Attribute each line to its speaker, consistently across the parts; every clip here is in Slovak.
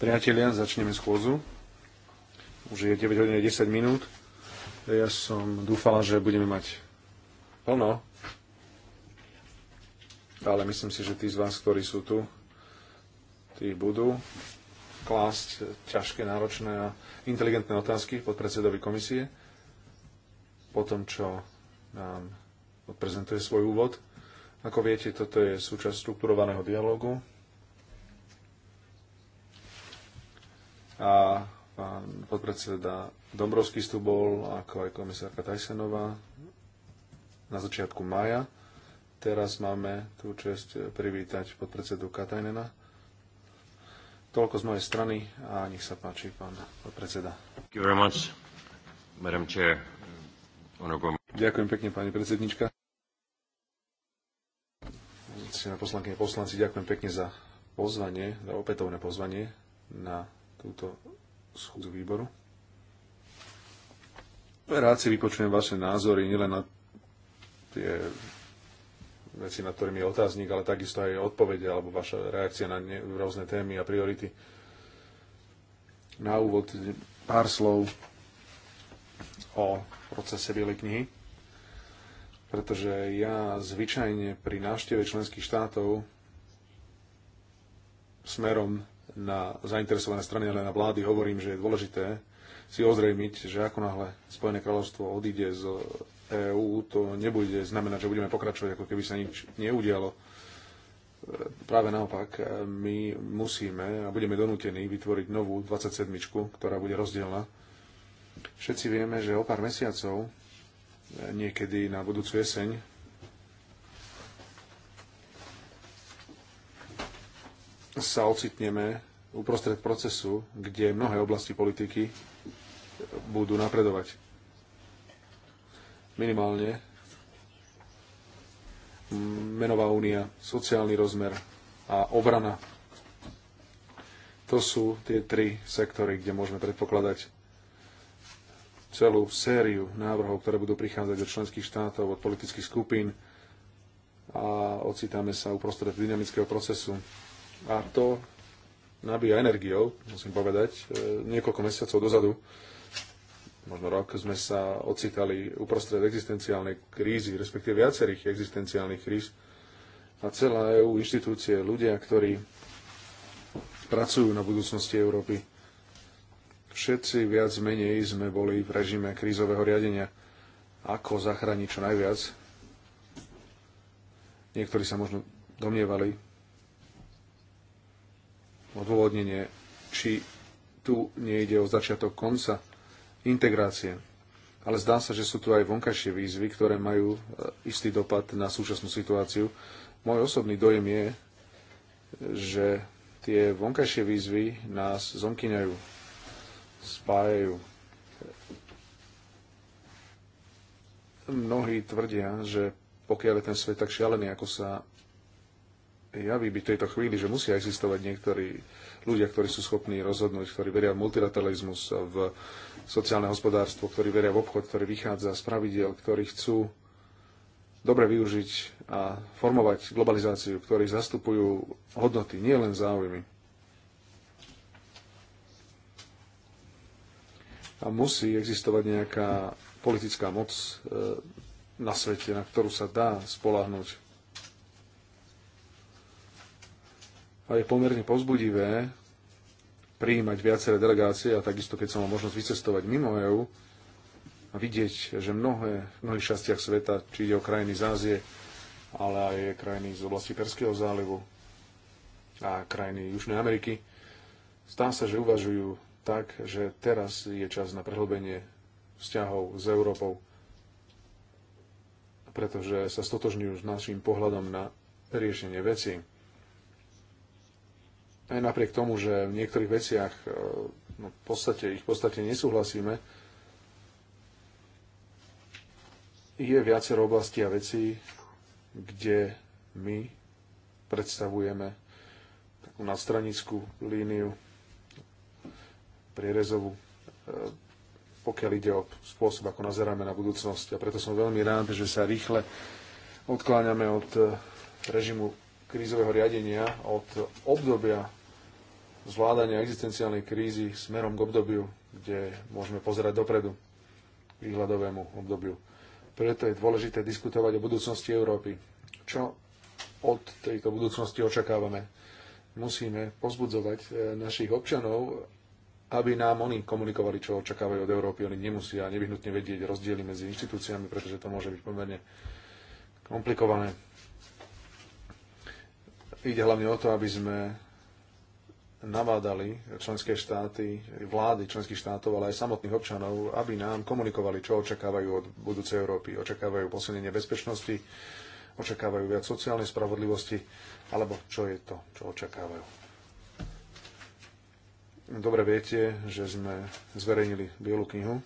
Speaker 1: Priatelia, začneme schôzu. Už je 9 hodín 10 minút. Ja som dúfala, že budeme mať plno, ale myslím si, že tí z vás, ktorí sú tu, tí budú klásť ťažké, náročné a inteligentné otázky pod predsedovi komisie po tom, čo nám odprezentuje svoj úvod. Ako viete, toto je súčasť strukturovaného dialogu a pán podpredseda Dombrovský tu bol, ako aj komisárka Tajsenová na začiatku mája. Teraz máme tú čest privítať podpredsedu Katajnena. Toľko z mojej strany a nech sa páči, pán podpredseda. Ďakujem pekne, pani predsednička. Poslankyne poslanci, ďakujem pekne za pozvanie, za opätovné pozvanie na túto schúdzu výboru. Rád si vypočujem vaše názory nielen na tie veci, na ktorými je otáznik, ale takisto aj odpovede alebo vaša reakcia na ne, rôzne témy a priority. Na úvod pár slov o procese Bielej knihy, pretože ja zvyčajne pri návšteve členských štátov smerom na zainteresované strany, ale na vlády hovorím, že je dôležité si ozrejmiť, že ako náhle Spojené kráľovstvo odíde z EÚ, to nebude znamenať, že budeme pokračovať, ako keby sa nič neudialo. E, práve naopak, e, my musíme a budeme donútení vytvoriť novú 27, ktorá bude rozdielna. Všetci vieme, že o pár mesiacov, e, niekedy na budúcu jeseň, sa ocitneme uprostred procesu, kde mnohé oblasti politiky budú napredovať. Minimálne menová únia, sociálny rozmer a obrana. To sú tie tri sektory, kde môžeme predpokladať celú sériu návrhov, ktoré budú prichádzať od členských štátov, od politických skupín a ocitáme sa uprostred dynamického procesu a to nabíja energiou, musím povedať. E, niekoľko mesiacov dozadu, možno rok, sme sa ocitali uprostred existenciálnej krízy, respektíve viacerých existenciálnych kríz. A celá EU inštitúcie, ľudia, ktorí pracujú na budúcnosti Európy, všetci viac menej sme boli v režime krízového riadenia. Ako zachrániť čo najviac? Niektorí sa možno domnievali, odôvodnenie, či tu nejde o začiatok konca integrácie. Ale zdá sa, že sú tu aj vonkajšie výzvy, ktoré majú e, istý dopad na súčasnú situáciu. Môj osobný dojem je, že tie vonkajšie výzvy nás zomkyňajú, spájajú. Mnohí tvrdia, že pokiaľ je ten svet tak šialený, ako sa javí by v tejto chvíli, že musia existovať niektorí ľudia, ktorí sú schopní rozhodnúť, ktorí veria v multilateralizmus, v sociálne hospodárstvo, ktorí veria v obchod, ktorý vychádza z pravidiel, ktorí chcú dobre využiť a formovať globalizáciu, ktorí zastupujú hodnoty, nie len záujmy. A musí existovať nejaká politická moc e, na svete, na ktorú sa dá spolahnúť a je pomerne pozbudivé prijímať viaceré delegácie a takisto, keď som mal možnosť vycestovať mimo EÚ a vidieť, že mnohé, v mnohých častiach sveta, či ide o krajiny z Ázie, ale aj krajiny z oblasti Perského zálivu a krajiny Južnej Ameriky, stá sa, že uvažujú tak, že teraz je čas na prehlbenie vzťahov s Európou, pretože sa stotožňujú s našim pohľadom na riešenie vecí aj napriek tomu, že v niektorých veciach e, no, v podstate, ich v podstate nesúhlasíme, je viacero oblastí a vecí, kde my predstavujeme takú nadstranickú líniu prierezovú, e, pokiaľ ide o spôsob, ako nazeráme na budúcnosť. A preto som veľmi rád, že sa rýchle odkláňame od e, režimu krízového riadenia od obdobia zvládania existenciálnej krízy smerom k obdobiu, kde môžeme pozerať dopredu, k výhľadovému obdobiu. Preto je dôležité diskutovať o budúcnosti Európy. Čo od tejto budúcnosti očakávame? Musíme pozbudzovať e, našich občanov, aby nám oni komunikovali, čo očakávajú od Európy. Oni nemusia nevyhnutne vedieť rozdiely medzi inštitúciami, pretože to môže byť pomerne komplikované Ide hlavne o to, aby sme navádali členské štáty, vlády členských štátov, ale aj samotných občanov, aby nám komunikovali, čo očakávajú od budúcej Európy. Očakávajú posilnenie bezpečnosti, očakávajú viac sociálnej spravodlivosti, alebo čo je to, čo očakávajú. Dobre viete, že sme zverejnili Bielu knihu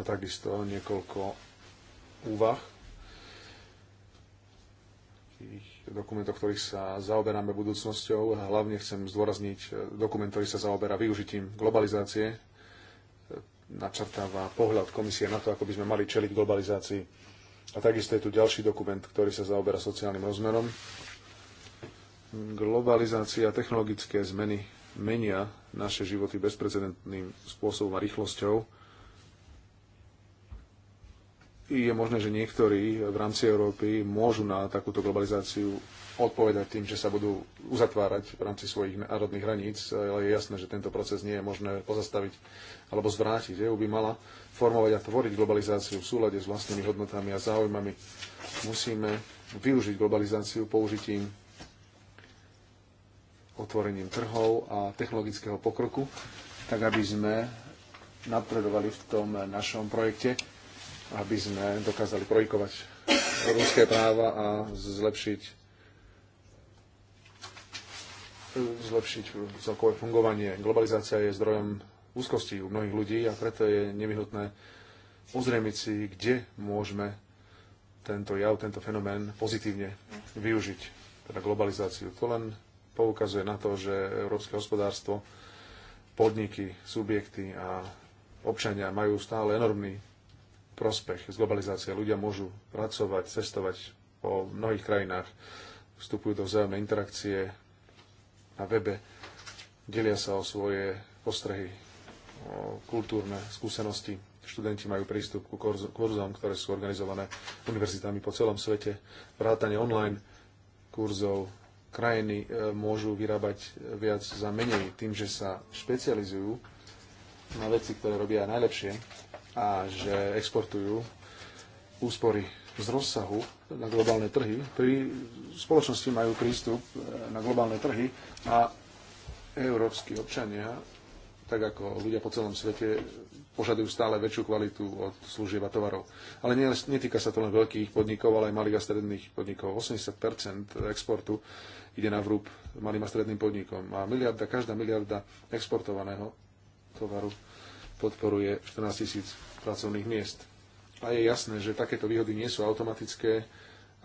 Speaker 1: a takisto niekoľko úvah, ich dokumentov, ktorých sa zaoberáme budúcnosťou. Hlavne chcem zdôrazniť eh, dokument, ktorý sa zaoberá využitím globalizácie. Eh, Načrtáva pohľad komisie na to, ako by sme mali čeliť globalizácii. A takisto je tu ďalší dokument, ktorý sa zaoberá sociálnym rozmerom. Globalizácia a technologické zmeny menia naše životy bezprecedentným spôsobom a rýchlosťou je možné, že niektorí v rámci Európy môžu na takúto globalizáciu odpovedať tým, že sa budú uzatvárať v rámci svojich národných hraníc, ale je jasné, že tento proces nie je možné pozastaviť alebo zvrátiť. EU by mala formovať a tvoriť globalizáciu v súlade s vlastnými hodnotami a záujmami. Musíme využiť globalizáciu použitím otvorením trhov a technologického pokroku, tak aby sme napredovali v tom našom projekte aby sme dokázali projikovať ľudské práva a zlepšiť zlepšiť celkové fungovanie. Globalizácia je zdrojom úzkosti u mnohých ľudí a preto je nevyhnutné uzremiť si, kde môžeme tento jav, tento fenomén pozitívne využiť, teda globalizáciu. To len poukazuje na to, že európske hospodárstvo, podniky, subjekty a občania majú stále enormný prospech z globalizácie. Ľudia môžu pracovať, cestovať po mnohých krajinách, vstupujú do vzájomnej interakcie na webe, delia sa o svoje postrehy, o kultúrne skúsenosti. Študenti majú prístup ku kurzom, ktoré sú organizované univerzitami po celom svete, vrátane online kurzov, krajiny e, môžu vyrábať viac za menej tým, že sa špecializujú na veci, ktoré robia najlepšie a že exportujú úspory z rozsahu na globálne trhy. Pri spoločnosti majú prístup e, na globálne trhy a európsky občania, tak ako ľudia po celom svete, požadujú stále väčšiu kvalitu od služieb a tovarov. Ale netýka sa to len veľkých podnikov, ale aj malých a stredných podnikov. 80 exportu ide na vrúb malým a stredným podnikom. A miliarda, každá miliarda exportovaného tovaru podporuje 14 tisíc pracovných miest. A je jasné, že takéto výhody nie sú automatické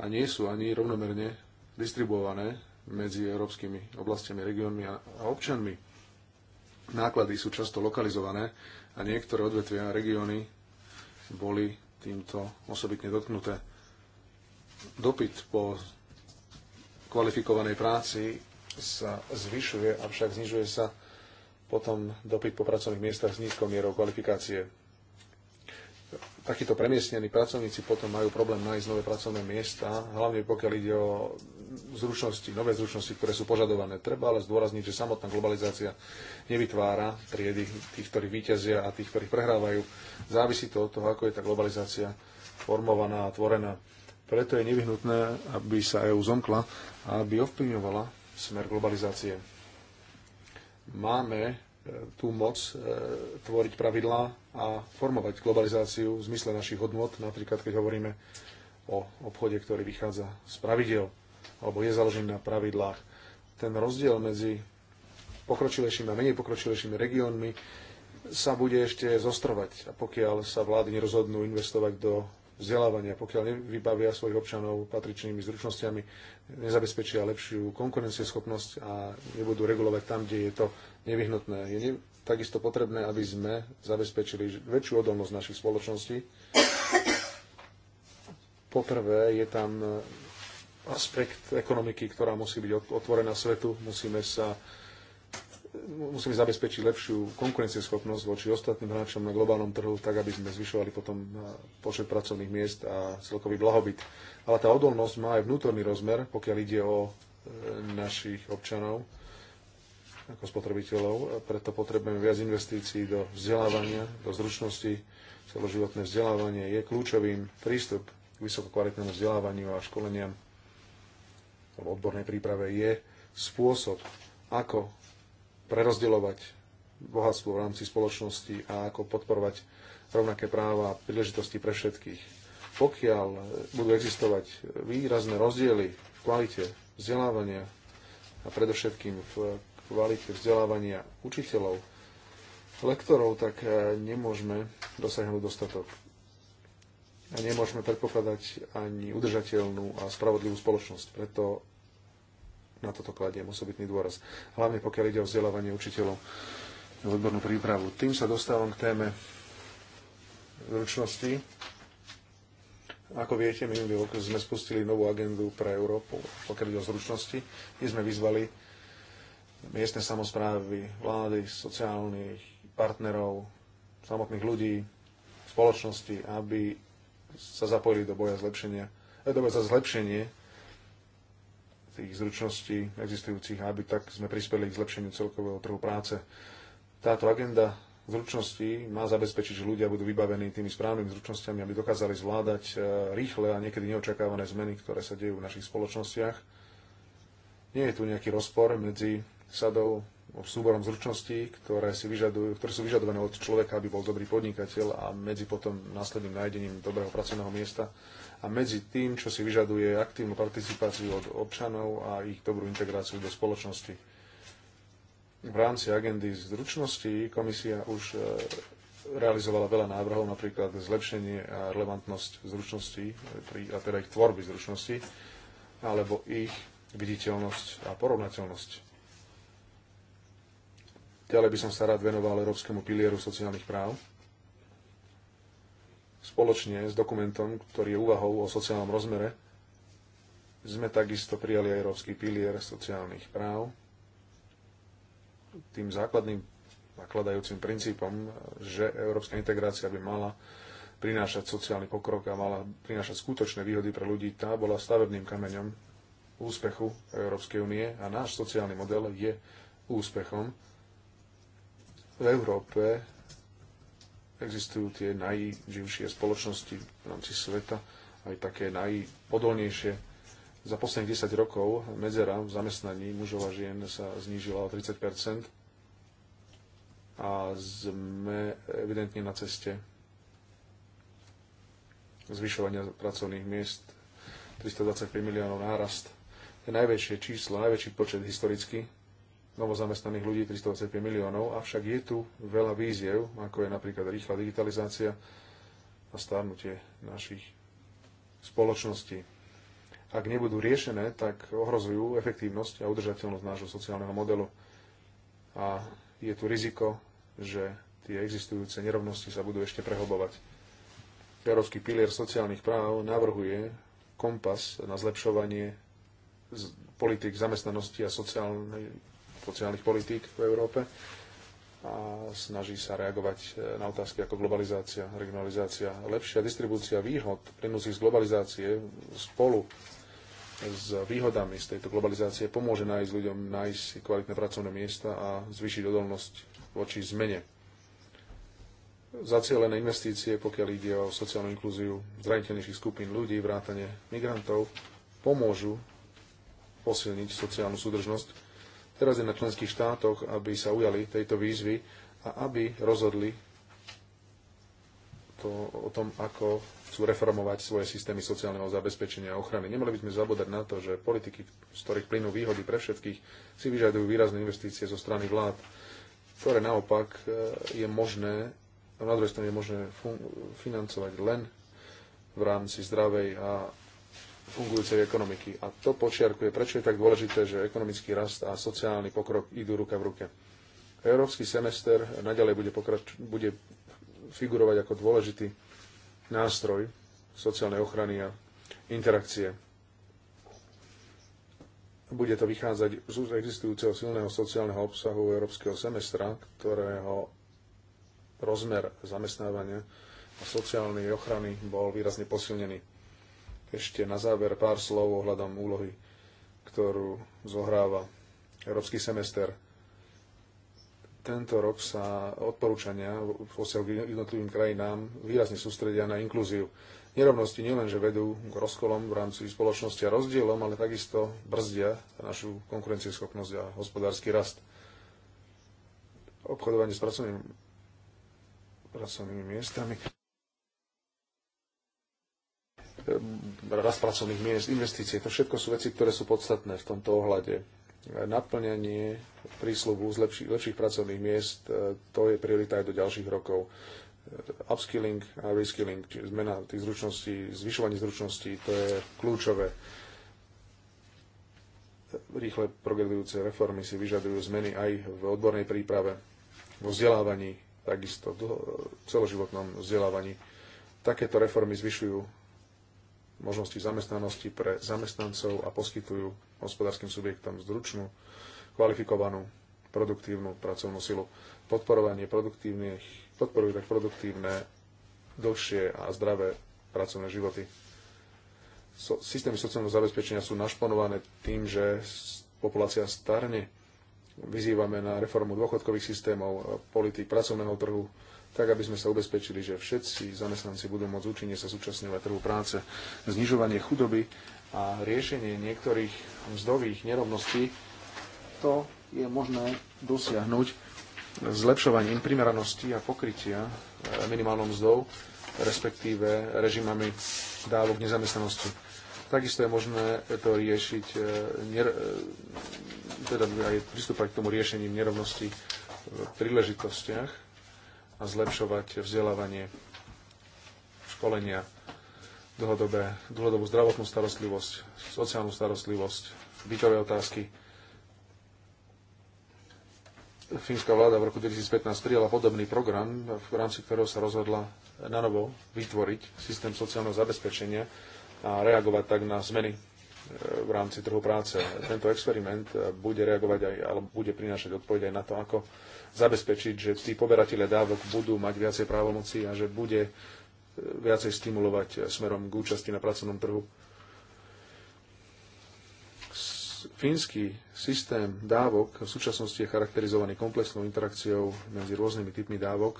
Speaker 1: a nie sú ani rovnomerne distribuované medzi európskymi oblastiami, regiónmi a občanmi. Náklady sú často lokalizované a niektoré odvetvia a regióny boli týmto osobitne dotknuté. Dopyt po kvalifikovanej práci sa zvyšuje, avšak znižuje sa potom dopyt po pracovných miestach s nízkou mierou kvalifikácie. Takíto premiestnení pracovníci potom majú problém nájsť nové pracovné miesta, hlavne pokiaľ ide o zručnosti, nové zručnosti, ktoré sú požadované. Treba ale zdôrazniť, že samotná globalizácia nevytvára triedy tých, ktorí vyťazia a tých, ktorí prehrávajú. Závisí to od toho, ako je tá globalizácia formovaná a tvorená. Preto je nevyhnutné, aby sa EU zomkla a aby ovplyvňovala smer globalizácie máme e, tú moc e, tvoriť pravidlá a formovať globalizáciu v zmysle našich hodnot, napríklad keď hovoríme o obchode, ktorý vychádza z pravidel alebo je založený na pravidlách. Ten rozdiel medzi pokročilejšími a menej pokročilejšími regiónmi sa bude ešte zostrovať. A pokiaľ sa vlády nerozhodnú investovať do vzdelávania, pokiaľ nevybavia svojich občanov patričnými zručnosťami, nezabezpečia lepšiu konkurencieschopnosť a nebudú regulovať tam, kde je to nevyhnutné. Je ne, takisto potrebné, aby sme zabezpečili väčšiu odolnosť našich spoločností. Poprvé je tam eh, aspekt ekonomiky, ktorá musí byť otvorená svetu. Musíme sa musíme zabezpečiť lepšiu konkurencieschopnosť voči ostatným hráčom na globálnom trhu, tak aby sme zvyšovali potom eh, počet pracovných miest a celkový blahobyt. Ale tá odolnosť má aj vnútorný rozmer, pokiaľ ide o eh, našich občanov ako spotrebiteľov, preto potrebujeme viac investícií do vzdelávania, do zručnosti. Celoživotné vzdelávanie je kľúčovým prístup k vysokokvalitnému vzdelávaniu a školeniam v odbornej príprave je spôsob, ako prerozdeľovať bohatstvo v rámci spoločnosti a ako podporovať rovnaké práva a príležitosti pre všetkých. Pokiaľ budú existovať výrazné rozdiely v kvalite vzdelávania a predovšetkým v kvalite vzdelávania učiteľov, lektorov, tak e, nemôžeme dosiahnuť dostatok a nemôžeme predpokladať ani udržateľnú a spravodlivú spoločnosť. Preto na toto kladiem osobitný dôraz. Hlavne pokiaľ ide o vzdelávanie učiteľov v odbornú prípravu. Tým sa dostávam k téme zručnosti. Ako viete, minulý rok sme spustili novú agendu pre Európu, pokiaľ ide o zručnosti, kde sme vyzvali miestne samozprávy, vlády, sociálnych partnerov, samotných ľudí, spoločnosti, aby sa zapojili do boja zlepšenia, do boja za zlepšenie tých zručností existujúcich, aby tak sme prispeli k zlepšeniu celkového trhu práce. Táto agenda zručností má zabezpečiť, že ľudia budú vybavení tými správnymi zručnosťami, aby dokázali zvládať e, rýchle a niekedy neočakávané zmeny, ktoré sa dejú v našich spoločnostiach. Nie je tu nejaký rozpor medzi sadou súborom zručností, ktoré, si vyžadujú, ktoré sú vyžadované od človeka, aby bol dobrý podnikateľ a medzi potom následným nájdením dobrého pracovného miesta a medzi tým, čo si vyžaduje aktívnu participáciu od občanov a ich dobrú integráciu do spoločnosti. V rámci agendy zručností komisia už e, realizovala veľa návrhov, napríklad zlepšenie a relevantnosť zručností, a teda ich tvorby zručností, alebo ich viditeľnosť a porovnateľnosť Ďalej by som sa rád venoval Európskemu pilieru sociálnych práv. Spoločne s dokumentom, ktorý je úvahou o sociálnom rozmere, sme takisto prijali Európsky pilier sociálnych práv. Tým základným nakladajúcim princípom, že európska integrácia by mala prinášať sociálny pokrok a mala prinášať skutočné výhody pre ľudí, tá bola stavebným kameňom úspechu Európskej únie a náš sociálny model je úspechom v Európe existujú tie najživšie spoločnosti v rámci sveta, aj také najodolnejšie. Za posledných 10 rokov medzera v zamestnaní mužov a žien sa znížila o 30 a sme evidentne na ceste zvyšovania pracovných miest 325 miliónov nárast. To je najväčšie číslo, najväčší počet historicky novozamestnaných ľudí 325 miliónov, avšak je tu veľa víziev, ako je napríklad rýchla digitalizácia a stárnutie našich spoločností. Ak nebudú riešené, tak ohrozujú efektívnosť a udržateľnosť nášho sociálneho modelu. A je tu riziko, že tie existujúce nerovnosti sa budú ešte prehlbovať. Európsky pilier sociálnych práv navrhuje kompas na zlepšovanie politik zamestnanosti a sociálnej sociálnych politík v Európe a snaží sa reagovať eh, na otázky ako globalizácia, regionalizácia, lepšia distribúcia výhod plynúcich z globalizácie spolu s výhodami z tejto globalizácie pomôže nájsť ľuďom nájsť kvalitné pracovné miesta a zvýšiť odolnosť voči zmene. Zacielené investície, pokiaľ ide o sociálnu inklúziu zraniteľnejších skupín ľudí, vrátane migrantov, pomôžu posilniť sociálnu súdržnosť Teraz je na členských štátoch, aby sa ujali tejto výzvy a aby rozhodli to, o tom, ako chcú reformovať svoje systémy sociálneho zabezpečenia a ochrany. Nemali by sme zabúdať na to, že politiky, z ktorých plynú výhody pre všetkých, si vyžadujú výrazné investície zo strany vlád, ktoré naopak eh, je možné, na druhej strane je možné financovať len v rámci zdravej a fungujúcej ekonomiky. A to počiarkuje, prečo je tak dôležité, že ekonomický rast a sociálny pokrok idú ruka v ruke. Európsky semester naďalej bude, pokrač- bude figurovať ako dôležitý nástroj sociálnej ochrany a interakcie. Bude to vychádzať z existujúceho silného sociálneho obsahu európskeho semestra, ktorého rozmer zamestnávania a sociálnej ochrany bol výrazne posilnený ešte na záver pár slov ohľadom úlohy, ktorú zohráva Európsky semester. Tento rok sa odporúčania v k jednotlivým krajinám výrazne sústredia na inklúziu. Nerovnosti nielenže vedú k rozkolom v rámci spoločnosti a rozdielom, ale takisto brzdia našu konkurencieschopnosť a hospodársky rast. Obchodovanie s pracovnými, pracovnými miestami E, rast pracovných miest, investície, to všetko sú veci, ktoré sú podstatné v tomto ohľade. Naplňanie prísľubu z lepších, lepších pracovných miest, e, to je priorita aj do ďalších rokov. E, upskilling a reskilling, čiže zmena tých zručností, zvyšovanie zručností, to je kľúčové. Rýchle progredujúce reformy si vyžadujú zmeny aj v odbornej príprave, vo vzdelávaní, takisto v celoživotnom vzdelávaní. Takéto reformy zvyšujú možnosti zamestnanosti pre zamestnancov a poskytujú hospodárskym subjektom zručnú, kvalifikovanú, produktívnu pracovnú silu. Podporovanie produktívnych, podporujú tak produktívne, dlhšie a zdravé pracovné životy. So, systémy sociálneho zabezpečenia sú našponované tým, že populácia starne Vyzývame na reformu dôchodkových systémov, politik pracovného trhu, tak aby sme sa ubezpečili, že všetci zamestnanci budú môcť účinne sa zúčastňovať trhu práce. Znižovanie chudoby a riešenie niektorých mzdových nerovností, to je možné dosiahnuť zlepšovaním primeranosti a pokrytia e, minimálnou mzdou, respektíve režimami dávok nezamestnanosti Takisto je možné to riešiť, e, e, teda aj pristúpať k tomu riešením nerovnosti v príležitostiach a zlepšovať vzdelávanie, školenia, dlhodobé, dlhodobú zdravotnú starostlivosť, sociálnu starostlivosť, bytové otázky. Fínska vláda v roku 2015 prijala podobný program, v rámci ktorého sa rozhodla na novo vytvoriť systém sociálneho zabezpečenia, a reagovať tak na zmeny e, v rámci trhu práce. Tento experiment bude reagovať aj, alebo bude prinášať odpoveď aj na to, ako zabezpečiť, že tí poberatelia dávok budú mať viacej právomocí a že bude e, viacej stimulovať smerom k účasti na pracovnom trhu. Fínsky systém dávok v súčasnosti je charakterizovaný komplexnou interakciou medzi rôznymi typmi dávok,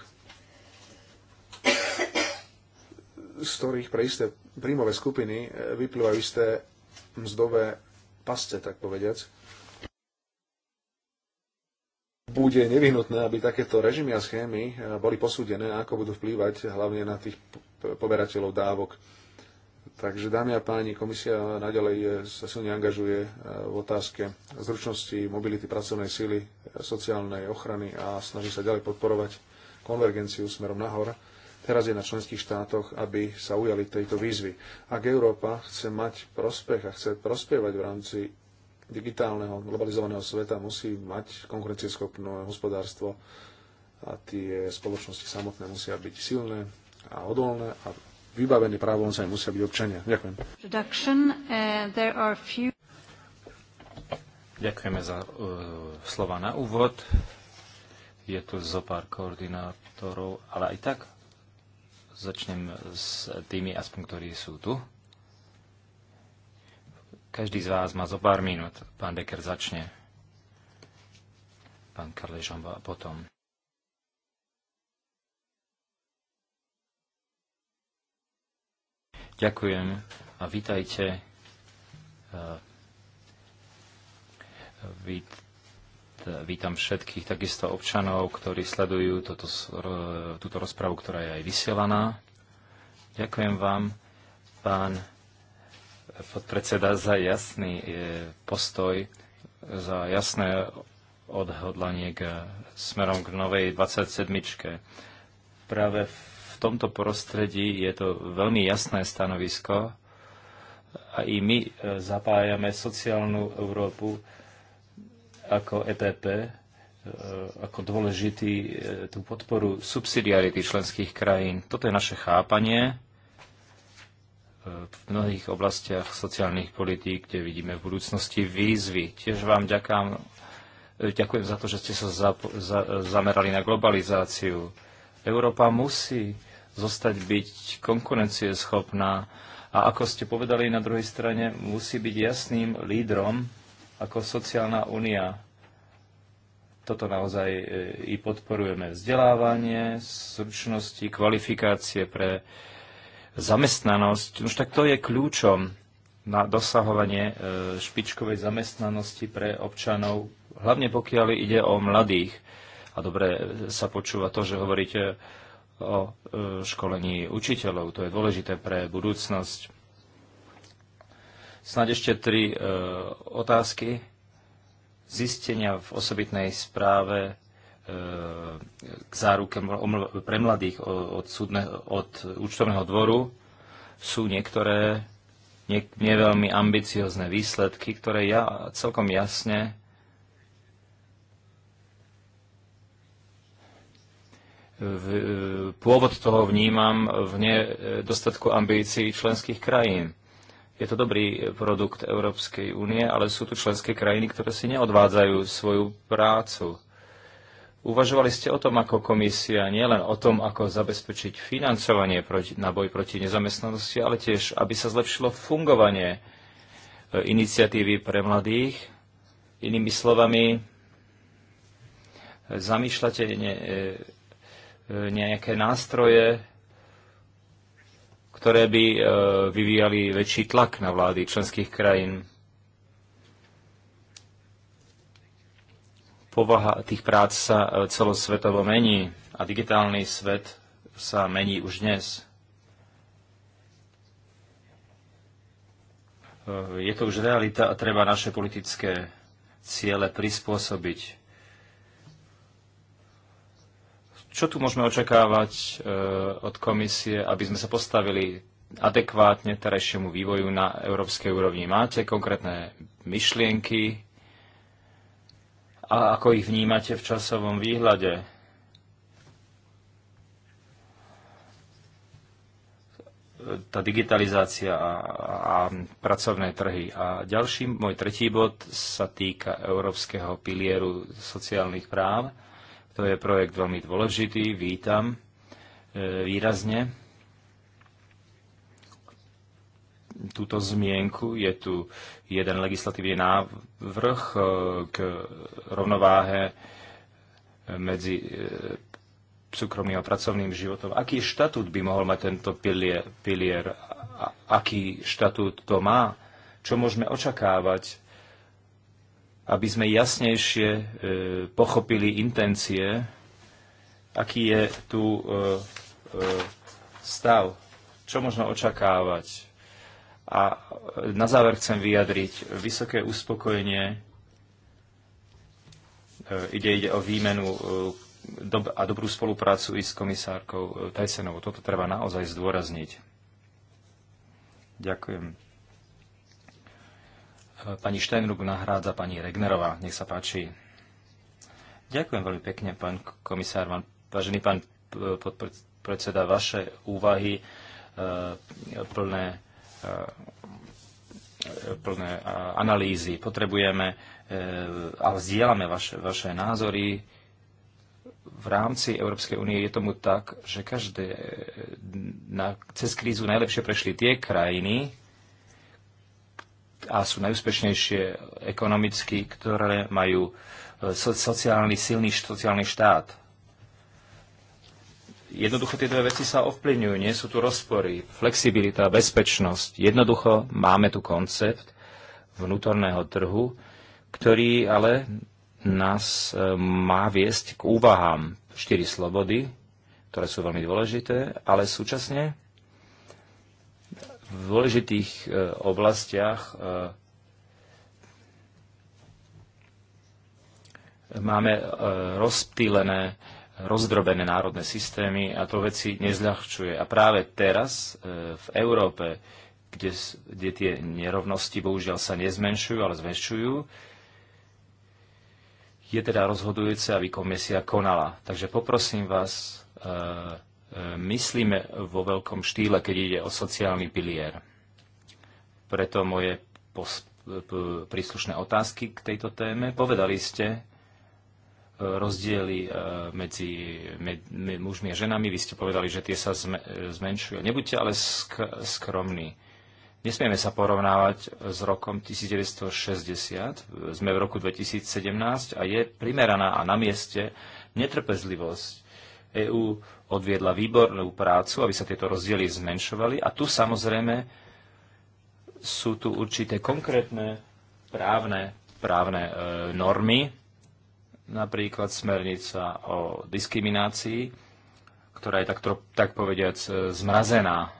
Speaker 1: z ktorých pre isté príjmové skupiny e, vyplývajú isté mzdové pasce, tak povediac. Bude nevyhnutné, aby takéto režimy a schémy e, boli posúdené, ako budú vplývať hlavne na tých e, poberateľov dávok. Takže, dámy a páni, komisia naďalej sa silne angažuje v otázke zručnosti, mobility pracovnej síly, sociálnej ochrany a snaží sa ďalej podporovať konvergenciu smerom nahor. Teraz je na členských štátoch, aby sa ujali tejto výzvy. Ak Európa chce mať prospech a chce prospievať v rámci digitálneho, globalizovaného sveta, musí mať konkurencieschopné hospodárstvo a tie spoločnosti samotné musia byť silné a odolné a sa aj musia byť občania. Ďakujem.
Speaker 2: Eh,
Speaker 3: Ďakujeme za uh, slova na úvod. Je tu zo pár koordinátorov, ale aj tak Začnem s tými aspoň, ktorí sú tu. Každý z vás má zo pár minút. Pán Deker začne. Pán Karležom potom. Ďakujem a vítajte. E, vít, Vítam všetkých takisto občanov, ktorí sledujú toto, túto rozpravu, ktorá je aj vysielaná. Ďakujem vám, pán podpredseda, za jasný e, postoj, za jasné odhodlanie k, smerom k novej 27. -čke. Práve v tomto prostredí je to veľmi jasné stanovisko a i my e, zapájame sociálnu Európu ako EPP e, ako dôležitý e, tú podporu subsidiarity členských krajín. Toto je naše chápanie e, v mnohých oblastiach sociálnych politík, kde vidíme v budúcnosti výzvy. Tiež vám ďakám, ďakujem za to, že ste sa za, za, zamerali na globalizáciu. Európa musí zostať byť konkurencieschopná a ako ste povedali na druhej strane, musí byť jasným lídrom ako sociálna únia. Toto naozaj e, i podporujeme. Vzdelávanie, zručnosti, kvalifikácie pre zamestnanosť. Už tak to je kľúčom na dosahovanie e, špičkovej zamestnanosti pre občanov, hlavne pokiaľ ide o mladých. A dobre sa počúva to, že hovoríte o e, školení učiteľov. To je dôležité pre budúcnosť. Snad ešte tri e, otázky. Zistenia v osobitnej správe e, k záruke pre mladých od, súdne, od účtovného dvoru sú niektoré nie, nie veľmi ambiciozne výsledky, ktoré ja celkom jasne v, pôvod toho vnímam v nedostatku ambícií členských krajín. Je to dobrý produkt Európskej únie, ale sú tu členské krajiny, ktoré si neodvádzajú svoju prácu. Uvažovali ste o tom ako komisia, nielen o tom, ako zabezpečiť financovanie na boj proti nezamestnanosti, ale tiež, aby sa zlepšilo fungovanie e, iniciatívy pre mladých. Inými slovami, zamýšľate e, e, nejaké nástroje, ktoré by e, vyvíjali väčší tlak na vlády členských krajín. Povaha tých prác sa e, celosvetovo mení a digitálny svet sa mení už dnes. E, je to už realita a treba naše politické ciele prispôsobiť Čo tu môžeme očakávať e, od komisie, aby sme sa postavili adekvátne terajšiemu vývoju na európskej úrovni? Máte konkrétne myšlienky a ako ich vnímate v časovom výhľade? tá digitalizácia a, a pracovné trhy. A ďalší, môj tretí bod, sa týka európskeho pilieru sociálnych práv. To je projekt veľmi dôležitý, vítam e, výrazne túto zmienku. Je tu jeden legislatívny návrh e, k rovnováhe e, medzi súkromným a pracovným životom. Aký štatút by mohol mať tento pilier? pilier? Aký štatút to má? Čo môžeme očakávať aby sme jasnejšie e, pochopili intencie, aký je tu e, e, stav, čo možno očakávať. A e, na záver chcem vyjadriť vysoké uspokojenie. E, ide, ide o výmenu e, dob- a dobrú spoluprácu i s komisárkou e, Tajsenovou. Toto treba naozaj zdôrazniť. Ďakujem. Pani Steinruck nahrádza pani Regnerová. Nech sa páči. Ďakujem veľmi pekne, pán komisár. vážený pán eh, podpredseda, vaše úvahy eh, plné eh, plné analýzy. Potrebujeme a vzdielame vaše, vaše názory. V rámci Európskej únie je tomu tak, že každé na, cez krízu najlepšie prešli tie krajiny, a sú najúspešnejšie ekonomicky, ktoré majú e, sociálny, silný sociálny štát. Jednoducho tie dve veci sa ovplyvňujú, nie sú tu rozpory. Flexibilita, bezpečnosť. Jednoducho máme tu koncept vnútorného trhu, ktorý ale nás e, má viesť k úvahám. Štyri slobody, ktoré sú veľmi dôležité, ale súčasne dôležitých e, oblastiach e, máme e, rozptýlené, rozdrobené národné systémy a to veci nezľahčuje. A práve teraz v Európe, kde, kde tie nerovnosti bohužiaľ sa nezmenšujú, ale zväčšujú, je teda rozhodujúce, aby komisia konala. Takže poprosím vás, myslíme vo veľkom štýle, keď ide o sociálny pilier. Preto moje príslušné otázky k tejto téme. Povedali ste e, rozdiely e, medzi, mužmi a ženami. Vy ste povedali, že tie sa zmenšujú. Nebuďte ale sk- skromní. Nesmieme sa porovnávať s rokom 1960. Sme v roku 2017 a je primeraná a na mieste netrpezlivosť. EÚ odviedla výbornú prácu, aby sa tieto rozdiely zmenšovali. A tu samozrejme sú tu určité konkrétne právne, právne e, normy, napríklad smernica o diskriminácii, ktorá je tak, tak povediac e, zmrazená.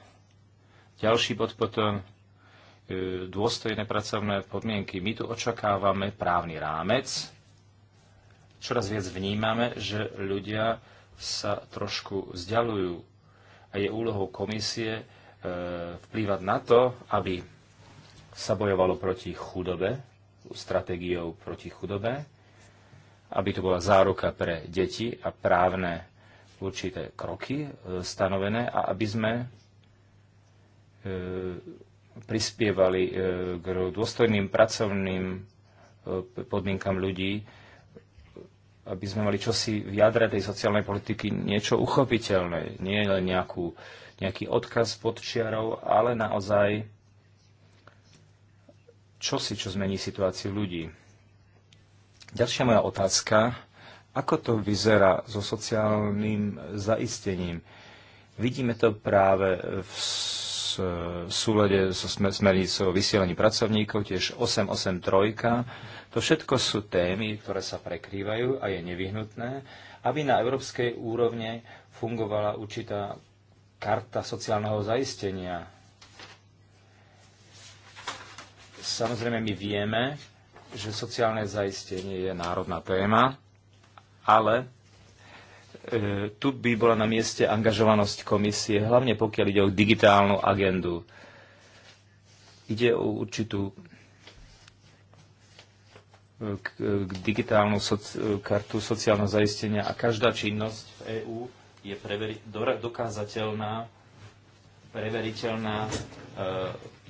Speaker 3: Ďalší bod potom e, dôstojné pracovné podmienky. My tu očakávame právny rámec. Čoraz viac vnímame, že ľudia sa trošku vzdialujú. A je úlohou komisie e, vplývať na to, aby sa bojovalo proti chudobe, stratégiou proti chudobe, aby to bola záruka pre deti a právne určité kroky e, stanovené a aby sme e, prispievali k dôstojným pracovným podmienkam ľudí, aby sme mali čosi v jadre tej sociálnej politiky niečo uchopiteľné, nie len nejakú, nejaký odkaz pod čiarou, ale naozaj čosi, čo zmení situáciu ľudí. Ďalšia moja otázka. Ako to vyzerá so sociálnym zaistením? Vidíme to práve v súlede so smernicou vysielaní pracovníkov, tiež 883, to všetko sú témy, ktoré sa prekrývajú a je nevyhnutné, aby na európskej úrovne fungovala určitá karta sociálneho zaistenia. Samozrejme, my vieme, že sociálne zaistenie je národná téma, ale e, tu by bola na mieste angažovanosť komisie, hlavne pokiaľ ide o digitálnu agendu. Ide o určitú k, k digitálnu soc, kartu sociálneho zaistenia a každá činnosť v EÚ je preveri, do, dokázateľná, preveriteľná e,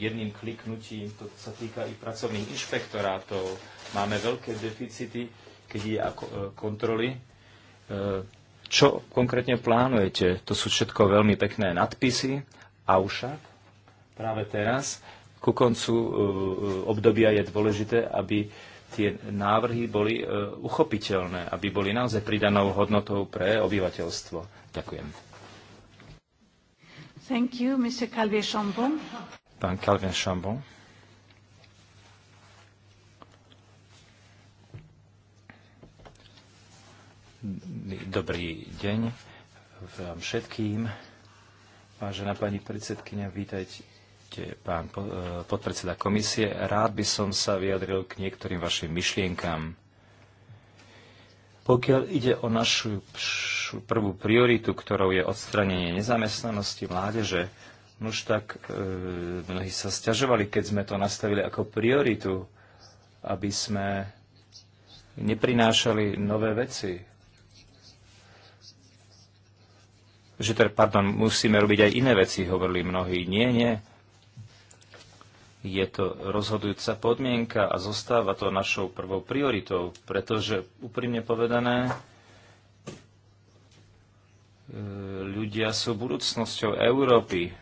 Speaker 3: jedným kliknutím. To sa týka i pracovných inšpektorátov. Máme veľké deficity, keď je ako, e, kontroly. E, čo konkrétne plánujete? To sú všetko veľmi pekné nadpisy. A však práve teraz, ku koncu e, e obdobia je dôležité, aby e, tie návrhy boli e, uchopiteľné, aby boli naozaj pridanou hodnotou pre obyvateľstvo. Ďakujem.
Speaker 1: Thank you, Mr. Calvier-Chambon.
Speaker 3: Pán Calvier-Chambon. Dobrý deň vám všetkým. Vážená pani predsedkynia, vítajte, ešte pán e, podpredseda komisie. Rád by som sa vyjadril k niektorým vašim myšlienkám. Pokiaľ ide o našu prvú prioritu, ktorou je odstranenie nezamestnanosti mládeže, už tak e, mnohí sa stiažovali, keď sme to nastavili ako prioritu, aby sme neprinášali nové veci. Že teda, pardon, musíme robiť aj iné veci, hovorili mnohí. Nie, nie, je to rozhodujúca podmienka a zostáva to našou prvou prioritou, pretože úprimne povedané, e, ľudia sú budúcnosťou Európy.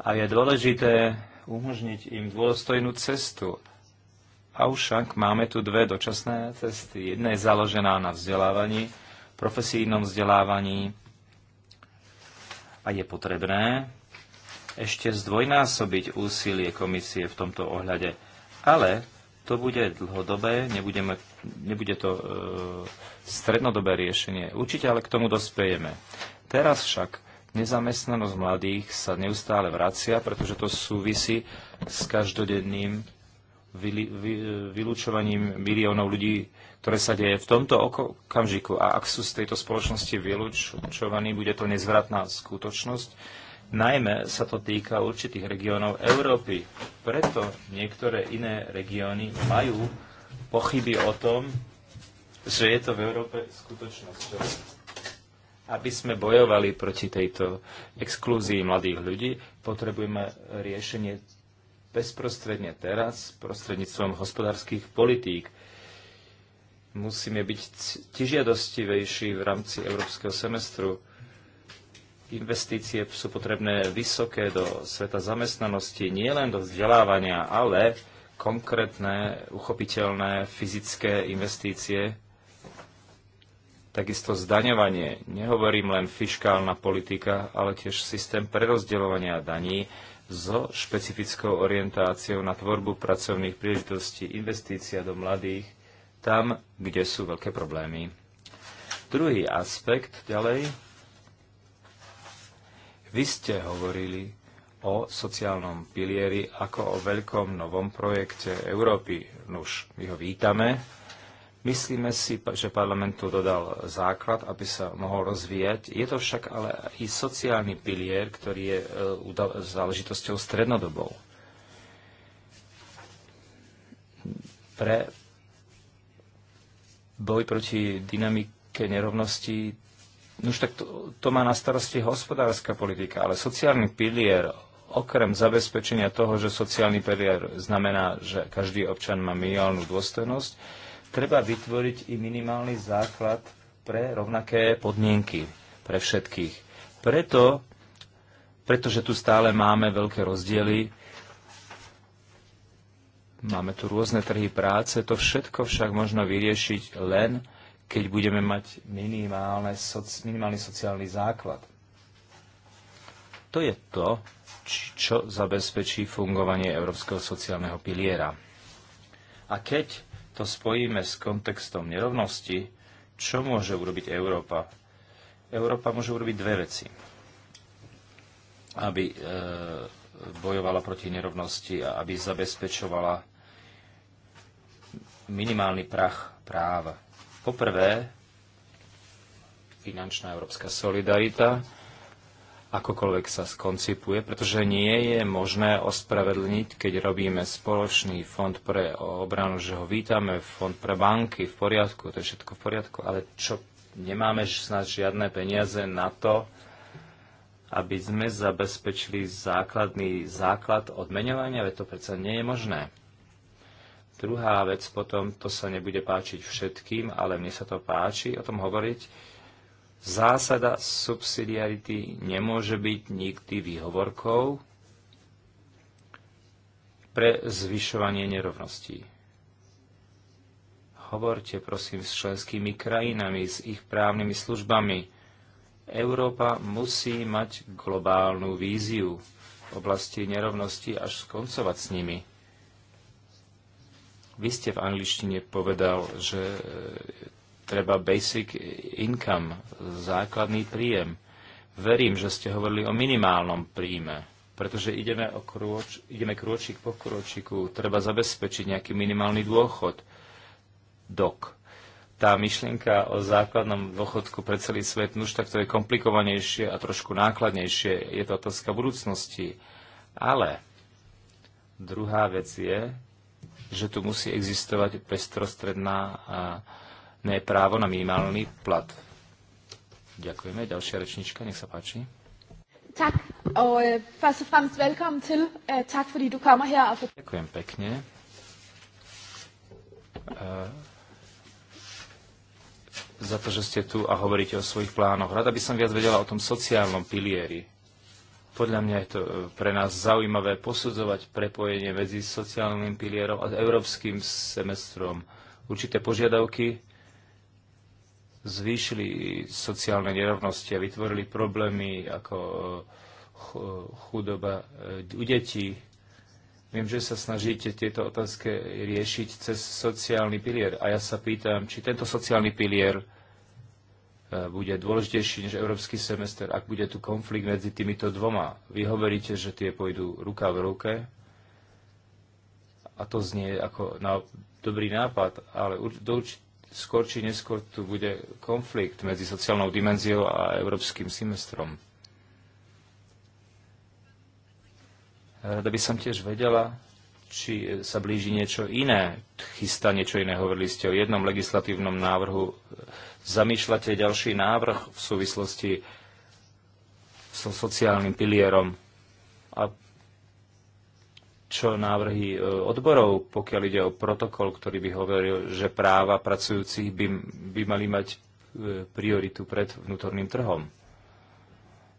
Speaker 3: A je dôležité umožniť im dôstojnú cestu. Avšak máme tu dve dočasné cesty. Jedna je založená na vzdelávaní, profesijnom vzdelávaní a je potrebné, ešte zdvojnásobiť úsilie komisie v tomto ohľade. Ale to bude dlhodobé, nebudeme, nebude to e, strednodobé riešenie. Určite ale k tomu dospejeme. Teraz však nezamestnanosť mladých sa neustále vracia, pretože to súvisí s každodenným vylúčovaním miliónov ľudí, ktoré sa deje v tomto okamžiku. A ak sú z tejto spoločnosti vylúčovaní, bude to nezvratná skutočnosť Najmä sa to týka určitých regiónov Európy. Preto niektoré iné regióny majú pochyby o tom, že je to v Európe skutočnosť. Aby sme bojovali proti tejto exklúzii mladých ľudí, potrebujeme riešenie bezprostredne teraz, prostredníctvom hospodárskych politík. Musíme byť tižiadostivejší v rámci európskeho semestru Investície sú potrebné vysoké do sveta zamestnanosti, nielen do vzdelávania, ale konkrétne, uchopiteľné fyzické investície, takisto zdaňovanie. Nehovorím len fiškálna politika, ale tiež systém prerozdeľovania daní so špecifickou orientáciou na tvorbu pracovných príležitostí, investícia do mladých, tam, kde sú veľké problémy. Druhý aspekt ďalej vy ste hovorili o sociálnom pilieri ako o veľkom novom projekte Európy. Nuž, my ho vítame. Myslíme si, že parlament tu dodal základ, aby sa mohol rozvíjať. Je to však ale i sociálny pilier, ktorý je e, záležitosťou strednodobou. Pre boj proti dynamike nerovnosti No už tak to, to má na starosti hospodárska politika, ale sociálny pilier, okrem zabezpečenia toho, že sociálny pilier znamená, že každý občan má minimálnu dôstojnosť, treba vytvoriť i minimálny základ pre rovnaké podmienky pre všetkých. Preto, pretože tu stále máme veľké rozdiely, máme tu rôzne trhy práce, to všetko však možno vyriešiť len keď budeme mať minimálny sociálny základ. To je to, čo zabezpečí fungovanie Európskeho sociálneho piliera. A keď to spojíme s kontextom nerovnosti, čo môže urobiť Európa? Európa môže urobiť dve veci. Aby e, bojovala proti nerovnosti a aby zabezpečovala minimálny prach práva. Poprvé, finančná európska solidarita, akokoľvek sa skoncipuje, pretože nie je možné ospravedlniť, keď robíme spoločný fond pre obranu, že ho vítame, fond pre banky, v poriadku, to je všetko v poriadku, ale čo nemáme snáď žiadne peniaze na to, aby sme zabezpečili základný základ odmenovania, veď to predsa nie je možné. Druhá vec potom, to sa nebude páčiť všetkým, ale mne sa to páči o tom hovoriť. Zásada subsidiarity nemôže byť nikdy výhovorkou pre zvyšovanie nerovností. Hovorte prosím s členskými krajinami, s ich právnymi službami. Európa musí mať globálnu víziu v oblasti nerovnosti až skoncovať s nimi vy ste v angličtine povedal, že e, treba basic income, základný príjem. Verím, že ste hovorili o minimálnom príjme, pretože ideme, o krôč, ideme krôčik po krôčiku, treba zabezpečiť nejaký minimálny dôchod. Dok. Tá myšlienka o základnom dôchodku pre celý svet, už tak to je komplikovanejšie a trošku nákladnejšie. Je to otázka budúcnosti. Ale druhá vec je, že tu musí existovať pestrostredná a ne právo na minimálny plat. Ďakujeme. Ďalšia rečnička, nech sa páči.
Speaker 1: Tak, og øh, først og fremst velkommen til. Øh, tak fordi du kommer her. Og...
Speaker 3: Ďakujem pekne. Uh, za to, že ste tu a hovoríte o svojich plánoch. Rada by som viac vedela o tom sociálnom pilieri podľa mňa je to e, pre nás zaujímavé posudzovať prepojenie medzi sociálnym pilierom a európskym semestrom. Určité požiadavky zvýšili sociálne nerovnosti a vytvorili problémy ako e, e, chudoba u detí. Viem, že sa snažíte tieto otázky riešiť cez sociálny pilier. A ja sa pýtam, či tento sociálny pilier E, bude dôležitejší než európsky semester, ak bude tu konflikt medzi týmito dvoma. Vy hovoríte, že tie pôjdu ruka v ruke a to znie ako na dobrý nápad, ale skôr či neskôr tu bude konflikt medzi sociálnou dimenziou a európskym semestrom. Rada by som tiež vedela, či sa blíži niečo iné, chystá niečo iné. Hovorili ste o jednom legislatívnom návrhu. Zamýšľate ďalší návrh v súvislosti so sociálnym pilierom a čo návrhy e, odborov, pokiaľ ide o protokol, ktorý by hovoril, že práva pracujúcich by, by mali mať e, prioritu pred vnútorným trhom.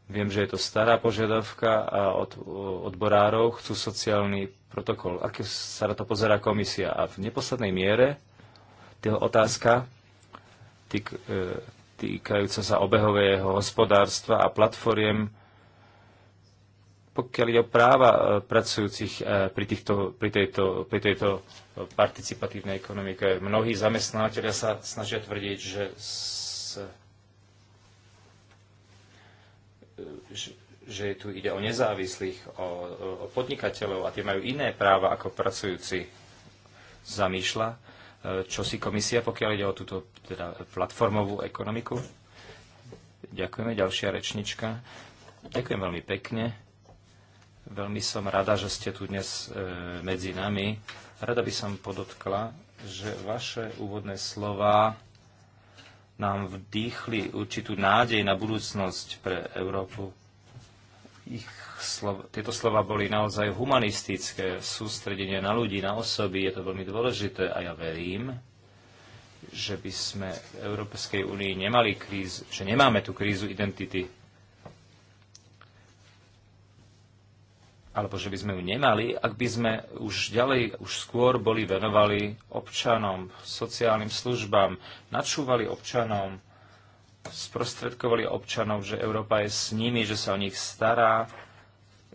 Speaker 3: Viem, že je to stará požiadavka a od odborárov chcú sociálny protokol. Ako sa na to pozerá komisia? A v neposlednej miere otázka týk, e, týkajúca sa obehového hospodárstva a platformiem, pokiaľ ide o práva e, pracujúcich e, pri, týchto, pri, tejto, pri tejto participatívnej ekonomike. Mnohí zamestnávateľia sa snažia tvrdiť, že s že tu ide o nezávislých, o, o podnikateľov a tie majú iné práva ako pracujúci. Zamýšľa, e, čo si komisia, pokiaľ ide o túto teda, platformovú ekonomiku. Ďakujeme, ďalšia rečnička. Ďakujem veľmi pekne. Veľmi som rada, že ste tu dnes e, medzi nami. Rada by som podotkla, že vaše úvodné slova nám vdýchli určitú nádej na budúcnosť pre Európu ich slova, tieto slova boli naozaj humanistické, sústredenie na ľudí, na osoby, je to veľmi dôležité a ja verím, že by sme v Európskej únii nemali krízu, že nemáme tú krízu identity. Alebo že by sme ju nemali, ak by sme už ďalej, už skôr boli venovali občanom, sociálnym službám, načúvali občanom, sprostredkovali občanov, že Európa je s nimi, že sa o nich stará,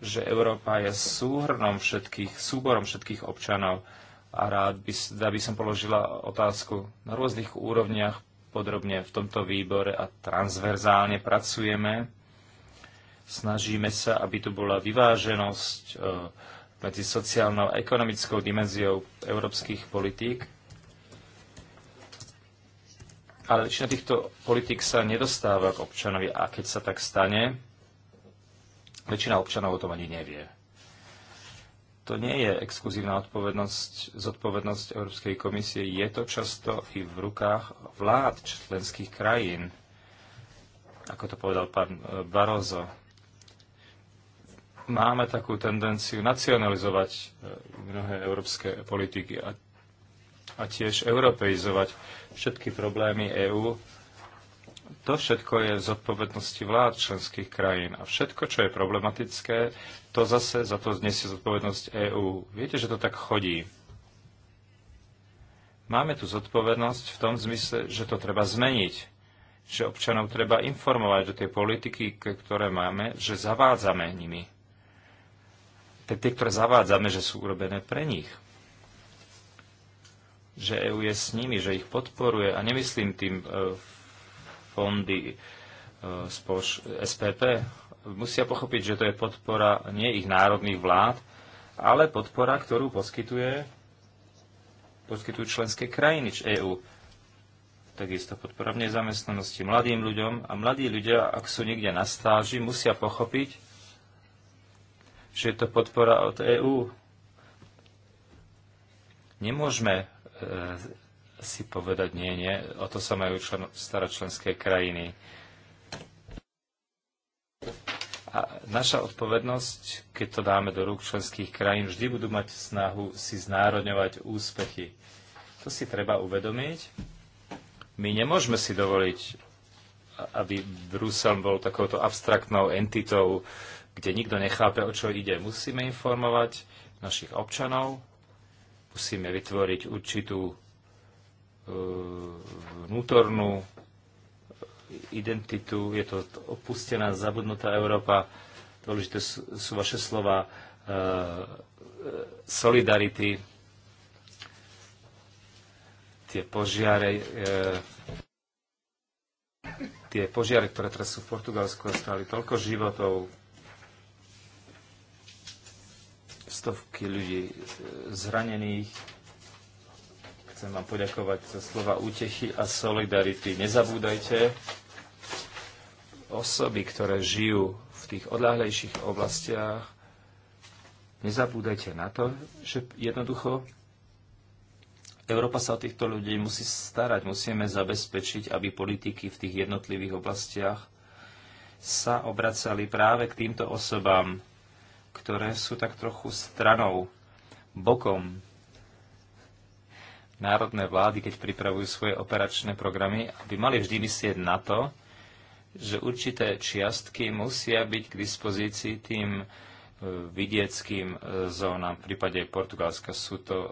Speaker 3: že Európa je súhrnom všetkých, súborom všetkých občanov. A rád by, by som položila otázku na rôznych úrovniach podrobne v tomto výbore a transverzálne pracujeme. Snažíme sa, aby tu bola vyváženosť e, medzi sociálnou a ekonomickou dimenziou európskych politík ale väčšina týchto politik sa nedostáva k občanovi a keď sa tak stane, väčšina občanov o tom ani nevie. To nie je exkluzívna odpovednosť, zodpovednosť Európskej komisie. Je to často i v rukách vlád členských krajín, ako to povedal pán e, Barozo. Máme takú tendenciu nacionalizovať e, mnohé európske politiky a a tiež europeizovať všetky problémy EÚ. To všetko je v zodpovednosti vlád členských krajín a všetko, čo je problematické, to zase za to znesie zodpovednosť EÚ. Viete, že to tak chodí. Máme tu zodpovednosť v tom zmysle, že to treba zmeniť že občanov treba informovať do tej politiky, ktoré máme, že zavádzame nimi. Tie, ktoré zavádzame, že sú urobené pre nich že EU je s nimi, že ich podporuje. A nemyslím tým e, fondy e, SPP. Musia pochopiť, že to je podpora nie ich národných vlád, ale podpora, ktorú poskytuje, poskytujú členské krajiny EU. Takisto podpora v nezamestnanosti mladým ľuďom. A mladí ľudia, ak sú niekde na stáži, musia pochopiť, že je to podpora od EÚ. Nemôžeme E, si povedať nie, nie. O to sa majú člen, staročlenské krajiny. A naša odpovednosť, keď to dáme do rúk členských krajín, vždy budú mať snahu si znárodňovať úspechy. To si treba uvedomiť. My nemôžeme si dovoliť, aby Brusel bol takouto abstraktnou entitou, kde nikto nechápe, o čo ide. Musíme informovať našich občanov, Musíme vytvoriť určitú e, vnútornú identitu. Je to opustená, zabudnutá Európa. Dôležité sú vaše slova e, e, solidarity, tie požiare, tie požiare, ktoré teraz sú v Portugalsku a stáli toľko životov, stovky ľudí e, zranených. Chcem vám poďakovať za slova útechy a solidarity. Nezabúdajte, osoby, ktoré žijú v tých odľahlejších oblastiach, nezabúdajte na to, že jednoducho Európa sa o týchto ľudí musí starať. Musíme zabezpečiť, aby politiky v tých jednotlivých oblastiach sa obracali práve k týmto osobám, ktoré sú tak trochu stranou, bokom. Národné vlády, keď pripravujú svoje operačné programy, aby mali vždy myslieť na to, že určité čiastky musia byť k dispozícii tým e, vidieckým e, zónam. V prípade Portugalska sú to e,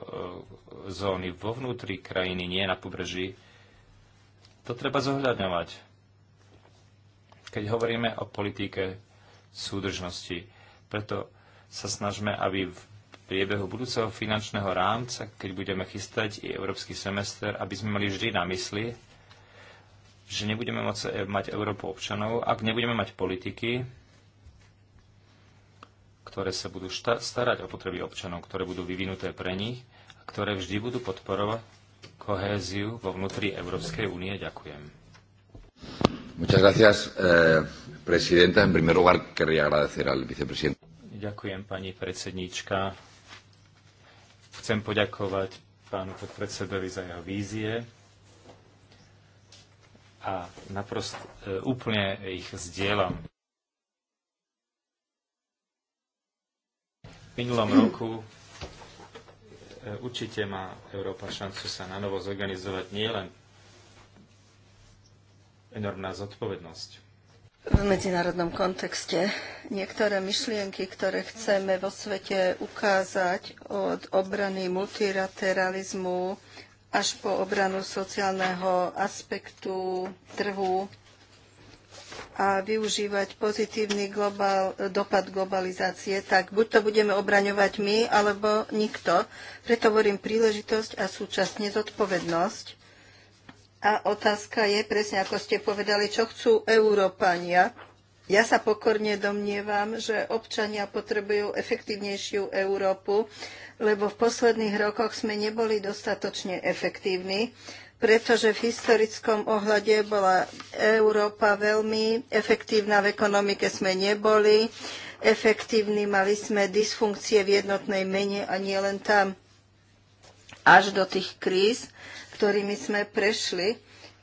Speaker 3: zóny vo vnútri krajiny, nie na pobreží. To treba zohľadňovať. Keď hovoríme o politike súdržnosti, preto sa snažme, aby v priebehu budúceho finančného rámca, keď budeme chystať i európsky semester, aby sme mali vždy na mysli, že nebudeme môcť e, mať Európu občanov, ak nebudeme mať politiky, ktoré sa budú starať o potreby občanov, ktoré budú vyvinuté pre nich a ktoré vždy budú podporovať kohéziu vo vnútri Európskej únie. Ďakujem. Muchas gracias. Eh, presidenta. En primer lugar, querría agradecer al vicepresidente. Ďakujem, pani predsedníčka. Chcem poďakovať pánu podpredsedovi za jeho vízie a naprosto e, úplne ich zdieľam. V minulom roku e, určite má Európa šancu sa na novo zorganizovať nielen enormná zodpovednosť
Speaker 2: v medzinárodnom kontexte. Niektoré myšlienky, ktoré chceme vo svete ukázať od obrany multilateralizmu až po obranu sociálneho aspektu trhu a využívať pozitívny globál, dopad globalizácie, tak buď to budeme obraňovať my, alebo nikto. Preto hovorím príležitosť a súčasne zodpovednosť. A otázka je presne, ako ste povedali, čo chcú Európania. Ja sa pokorne domnievam, že občania potrebujú efektívnejšiu Európu, lebo v posledných rokoch sme neboli dostatočne efektívni, pretože v historickom ohľade bola Európa veľmi efektívna, v ekonomike sme neboli efektívni, mali sme dysfunkcie v jednotnej mene a nielen tam až do tých kríz, ktorými sme prešli.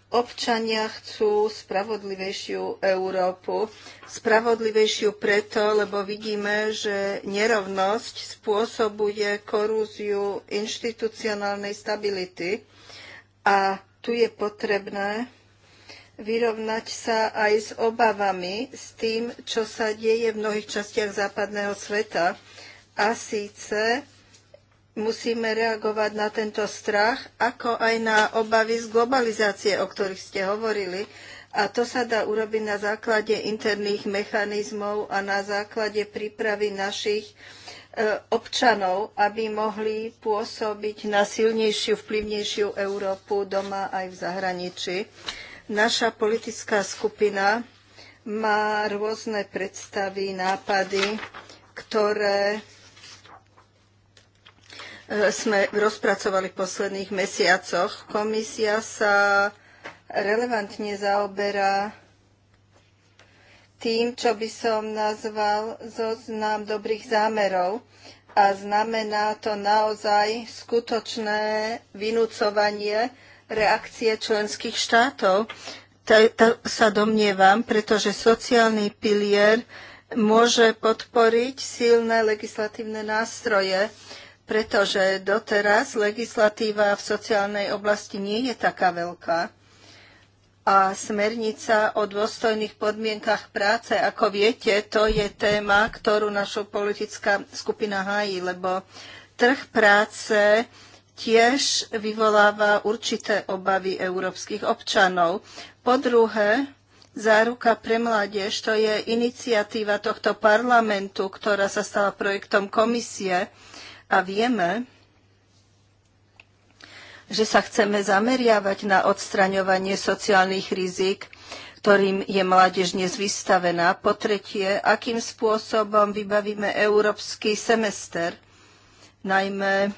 Speaker 2: Občania chcú spravodlivejšiu Európu. Spravodlivejšiu preto, lebo vidíme, že nerovnosť spôsobuje korúziu inštitucionálnej stability a tu je potrebné vyrovnať sa aj s obavami, s tým, čo sa deje v mnohých častiach západného sveta. A síce musíme reagovať na tento strach, ako aj na obavy z globalizácie, o ktorých ste hovorili. A to sa dá urobiť na základe interných mechanizmov a na základe prípravy našich e, občanov, aby mohli pôsobiť na silnejšiu, vplyvnejšiu Európu doma aj v zahraničí. Naša politická skupina má rôzne predstavy, nápady, ktoré E, sme rozpracovali v posledných mesiacoch. Komisia sa relevantne zaoberá tým, čo by som nazval zoznam dobrých zámerov. A znamená to naozaj skutočné vynúcovanie reakcie členských štátov. To, to sa domnievam, pretože sociálny pilier môže podporiť silné legislatívne nástroje, pretože doteraz legislatíva v sociálnej oblasti nie je taká veľká. A smernica o dôstojných podmienkach práce, ako viete, to je téma, ktorú naša politická skupina hájí, lebo trh práce tiež vyvoláva určité obavy európskych občanov. Po druhé, Záruka pre mládež to je iniciatíva tohto parlamentu, ktorá sa stala projektom komisie a vieme, že sa chceme zameriavať na odstraňovanie sociálnych rizik, ktorým je mládež dnes vystavená. Po tretie, akým spôsobom vybavíme európsky semester, najmä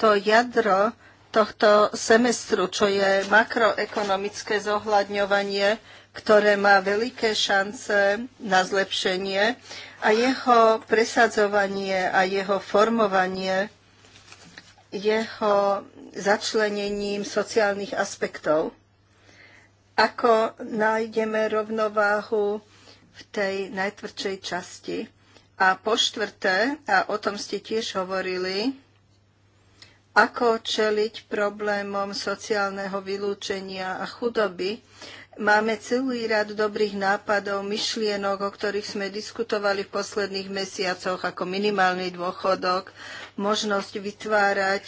Speaker 2: to jadro tohto semestru, čo je makroekonomické zohľadňovanie, ktoré má veľké šance na zlepšenie a jeho presadzovanie a jeho formovanie jeho začlenením sociálnych aspektov. Ako nájdeme rovnováhu v tej najtvrdšej časti. A po štvrté, a o tom ste tiež hovorili, ako čeliť problémom sociálneho vylúčenia a chudoby. Máme celý rad dobrých nápadov, myšlienok, o ktorých sme diskutovali v posledných mesiacoch, ako minimálny dôchodok, možnosť vytvárať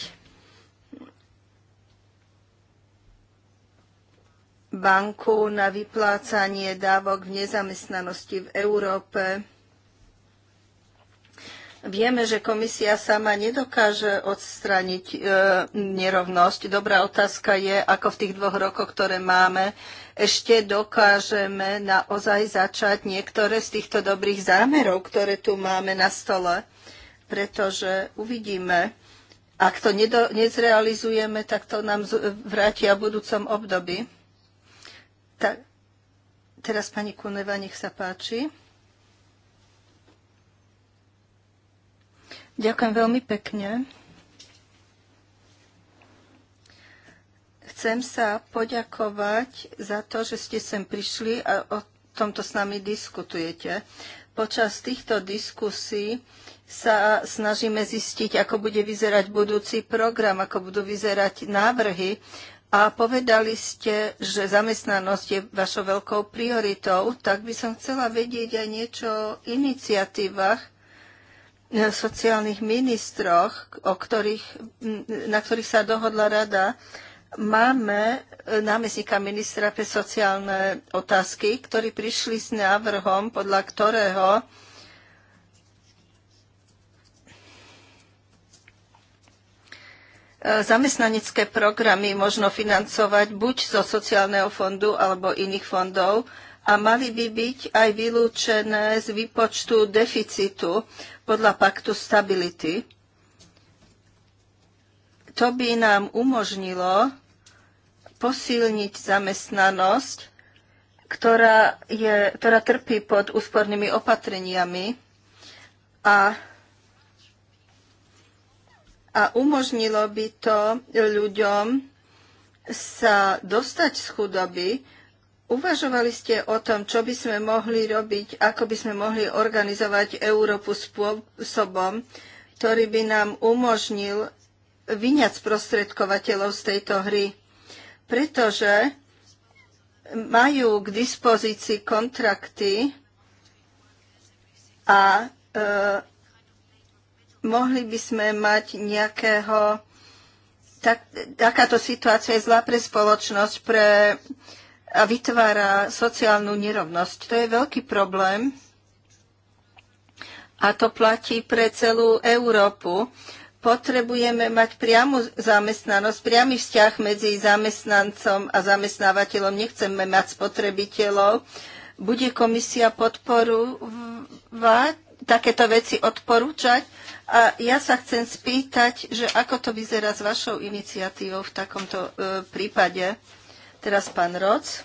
Speaker 2: banku na vyplácanie dávok v nezamestnanosti v Európe Vieme, že komisia sama nedokáže odstrániť e, nerovnosť. Dobrá otázka je, ako v tých dvoch rokoch, ktoré máme, ešte dokážeme naozaj začať niektoré z týchto dobrých zámerov, ktoré tu máme na stole. Pretože uvidíme, ak to nedo, nezrealizujeme, tak to nám vrátia v budúcom období. Ta, teraz pani Kuneva, nech sa páči. Ďakujem veľmi pekne. Chcem sa poďakovať za to, že ste sem prišli a o tomto s nami diskutujete. Počas týchto diskusí sa snažíme zistiť, ako bude vyzerať budúci program, ako budú vyzerať návrhy. A povedali ste, že zamestnanosť je vašou veľkou prioritou, tak by som chcela vedieť aj niečo o iniciatívach, sociálnych ministroch, o ktorých, na ktorých sa dohodla rada, máme e, námestníka ministra pre sociálne otázky, ktorí prišli s návrhom, podľa ktorého e, zamestnanecké programy možno financovať buď zo sociálneho fondu alebo iných fondov a mali by byť aj vylúčené z výpočtu deficitu podľa paktu stability. To by nám umožnilo posilniť zamestnanosť, ktorá, je, ktorá trpí pod úspornými opatreniami a, a umožnilo by to ľuďom sa dostať z chudoby, Uvažovali ste o tom, čo by sme mohli robiť, ako by sme mohli organizovať Európu spôsobom, ktorý by nám umožnil vyňať sprostredkovateľov z tejto hry. Pretože majú k dispozícii kontrakty a e, mohli by sme mať nejakého... Tak, takáto situácia je zlá pre spoločnosť, pre e, a vytvára sociálnu nerovnosť. To je veľký problém a to platí pre celú Európu. Potrebujeme mať priamu zamestnanosť, priamy vzťah medzi zamestnancom a zamestnávateľom. Nechceme mať spotrebiteľov. Bude komisia podporovať takéto veci odporúčať? A ja sa chcem spýtať, že ako to vyzerá s vašou iniciatívou v takomto e, prípade? Teraz pán Roc.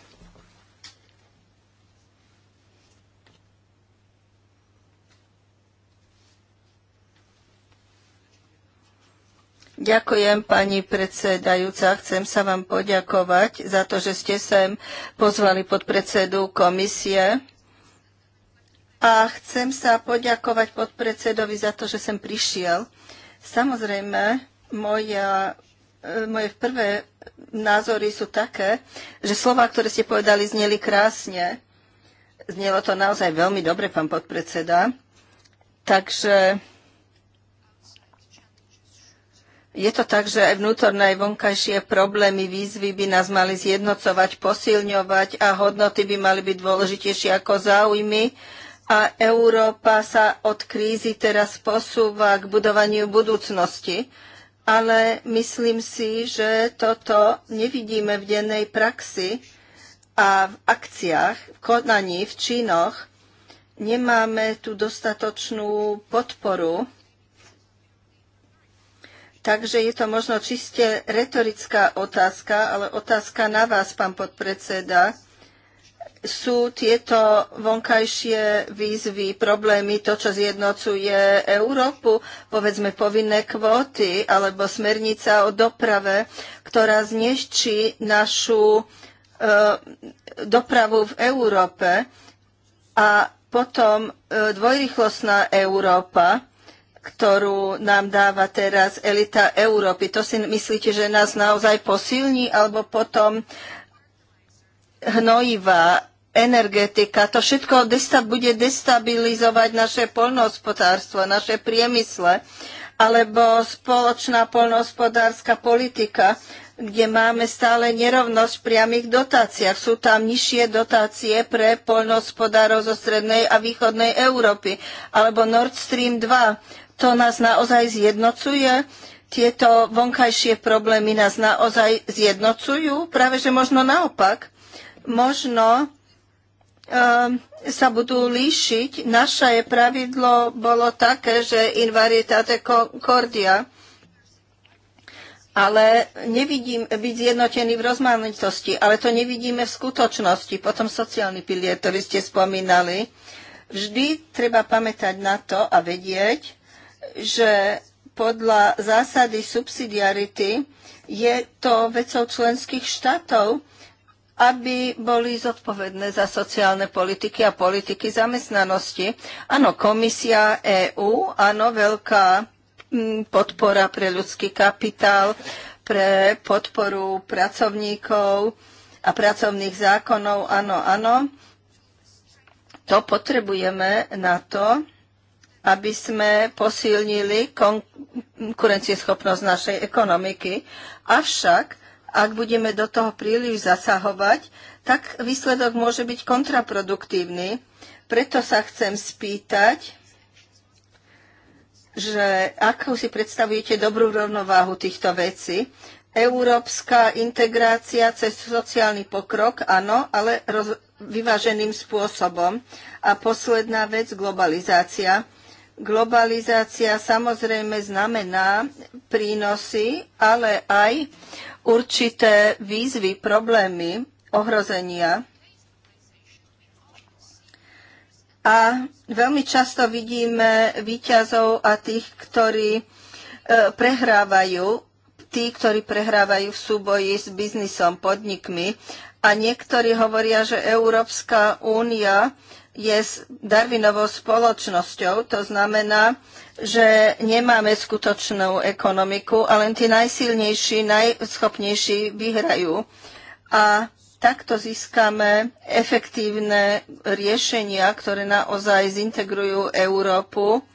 Speaker 2: Ďakujem, pani predsedajúca. Chcem sa vám poďakovať za to, že ste sem pozvali podpredsedu komisie. A chcem sa poďakovať podpredsedovi za to, že sem prišiel. Samozrejme, moja, e, moje prvé názory sú také, že slova, ktoré ste povedali, zneli krásne. Znelo to naozaj veľmi dobre, pán podpredseda. Takže je to tak, že aj vnútorné aj vonkajšie problémy, výzvy by nás mali zjednocovať, posilňovať a hodnoty by mali byť dôležitejšie ako záujmy. A Európa sa od krízy teraz posúva k budovaniu budúcnosti ale myslím si, že toto nevidíme v dennej praxi a v akciách, v konaní, v činoch nemáme tu dostatočnú podporu. Takže je to možno čiste retorická otázka, ale otázka na vás, pán podpredseda sú tieto vonkajšie výzvy, problémy, to, čo zjednocuje Európu, povedzme povinné kvóty alebo smernica o doprave, ktorá zneščí našu e, dopravu v Európe a potom e, dvojrychlostná Európa, ktorú nám dáva teraz elita Európy. To si myslíte, že nás naozaj posilní alebo potom hnojivá? energetika. To všetko bude destabilizovať naše poľnohospodárstvo, naše priemysle alebo spoločná poľnohospodárska politika, kde máme stále nerovnosť v priamých dotáciách. Sú tam nižšie dotácie pre poľnohospodárov zo strednej a východnej Európy, alebo Nord Stream 2. To nás naozaj zjednocuje tieto vonkajšie problémy nás naozaj zjednocujú? Práve že možno naopak. Možno Ehm, sa budú líšiť. Naše pravidlo bolo také, že varietate cordia, ale nevidím byť zjednotený v rozmanitosti, ale to nevidíme v skutočnosti. Potom sociálny pilier, ktorý ste spomínali. Vždy treba pamätať na to a vedieť, že podľa zásady subsidiarity je to vecou členských štátov, aby boli zodpovedné za sociálne politiky a politiky zamestnanosti. Áno, komisia EÚ, áno, veľká mm, podpora pre ľudský kapitál, pre podporu pracovníkov a pracovných zákonov, áno, áno. To potrebujeme na to, aby sme posilnili konkurencieschopnosť našej ekonomiky. Avšak ak budeme do toho príliš zasahovať, tak výsledok môže byť kontraproduktívny. Preto sa chcem spýtať, že ako si predstavujete dobrú rovnováhu týchto vecí. Európska integrácia cez sociálny pokrok, áno, ale roz, vyváženým spôsobom. A posledná vec, globalizácia. Globalizácia samozrejme znamená prínosy, ale aj určité výzvy, problémy, ohrozenia. A veľmi často vidíme výťazov a tých, ktorí e, prehrávajú, tí, ktorí prehrávajú v súboji s biznisom, podnikmi. A niektorí hovoria, že Európska únia je s Darwinovou spoločnosťou. To znamená, že nemáme skutočnú ekonomiku a len tí najsilnejší, najschopnejší vyhrajú. A takto získame efektívne riešenia, ktoré naozaj zintegrujú Európu,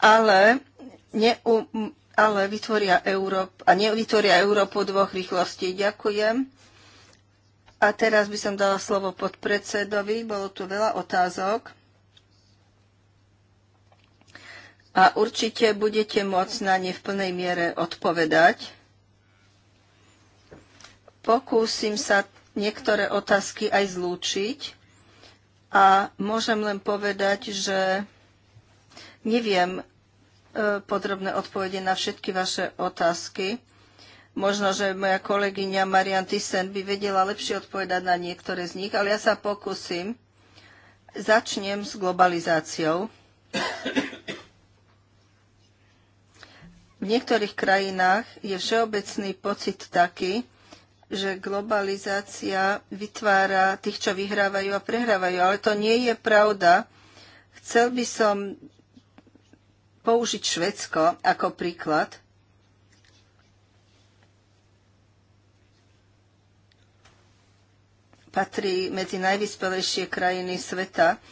Speaker 2: ale, neu, ale vytvoria Európu, a nevytvoria Európu dvoch rýchlostí. Ďakujem. A teraz by som dala slovo podpredsedovi. Bolo tu veľa otázok. A určite budete môcť na ne v plnej miere odpovedať. Pokúsim sa niektoré otázky aj zlúčiť. A môžem len povedať, že neviem e, podrobné odpovede na všetky vaše otázky Možno, že moja kolegyňa Marian Thyssen by vedela lepšie odpovedať na niektoré z nich, ale ja sa pokúsim. Začnem s globalizáciou. V niektorých krajinách je všeobecný pocit taký, že globalizácia vytvára tých, čo vyhrávajú a prehrávajú, ale to nie je pravda. Chcel by som použiť Švedsko ako príklad. patrí medzi najvyspelejšie krajiny sveta.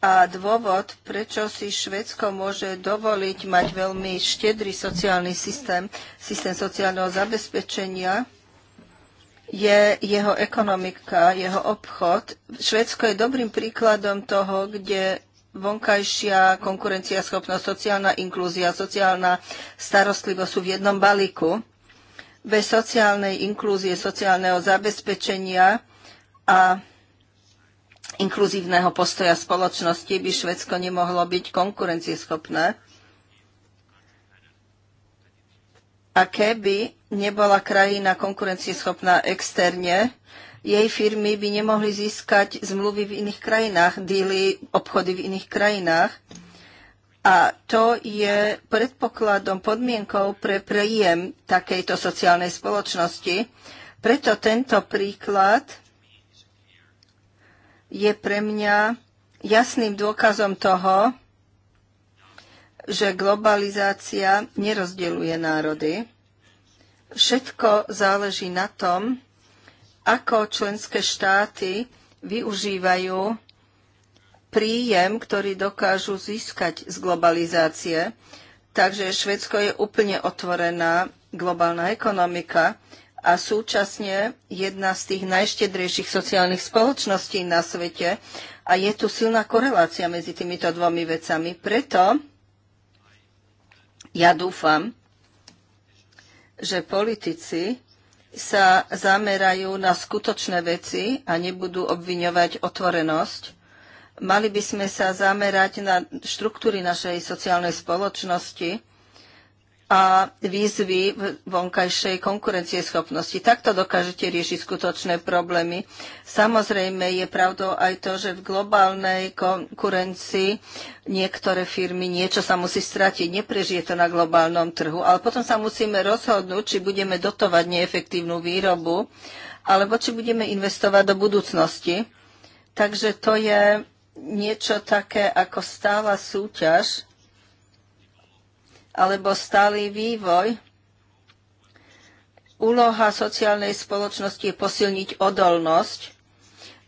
Speaker 2: A dôvod, prečo si Švedsko môže dovoliť mať veľmi štedrý sociálny systém, systém sociálneho zabezpečenia, je jeho ekonomika, jeho obchod. Švedsko je dobrým príkladom toho, kde vonkajšia konkurenciaschopnosť, sociálna inklúzia, sociálna starostlivosť sú v jednom balíku. Bez sociálnej inklúzie, sociálneho zabezpečenia a inkluzívneho postoja spoločnosti by Švedsko nemohlo byť konkurencieschopné. A keby nebola krajina konkurencieschopná externe, jej firmy by nemohli získať zmluvy v iných krajinách, díly, obchody v iných krajinách. A to je predpokladom, podmienkou pre príjem takejto sociálnej spoločnosti. Preto tento príklad je pre mňa jasným dôkazom toho, že globalizácia nerozdeľuje národy. Všetko záleží na tom, ako členské štáty využívajú príjem, ktorý dokážu získať z globalizácie. Takže Švedsko je úplne otvorená globálna ekonomika a súčasne jedna z tých najštedrejších sociálnych spoločností na svete. A je tu silná korelácia medzi týmito dvomi vecami. Preto ja dúfam, že politici sa zamerajú na skutočné veci a nebudú obviňovať otvorenosť. Mali by sme sa zamerať na štruktúry našej sociálnej spoločnosti, a výzvy vonkajšej konkurencieschopnosti. Takto dokážete riešiť skutočné problémy. Samozrejme je pravdou aj to, že v globálnej konkurencii niektoré firmy niečo sa musí stratiť, neprežije to na globálnom trhu, ale potom sa musíme rozhodnúť, či budeme dotovať neefektívnu výrobu, alebo či budeme investovať do budúcnosti. Takže to je niečo také ako stála súťaž alebo stály vývoj. Úloha sociálnej spoločnosti je posilniť odolnosť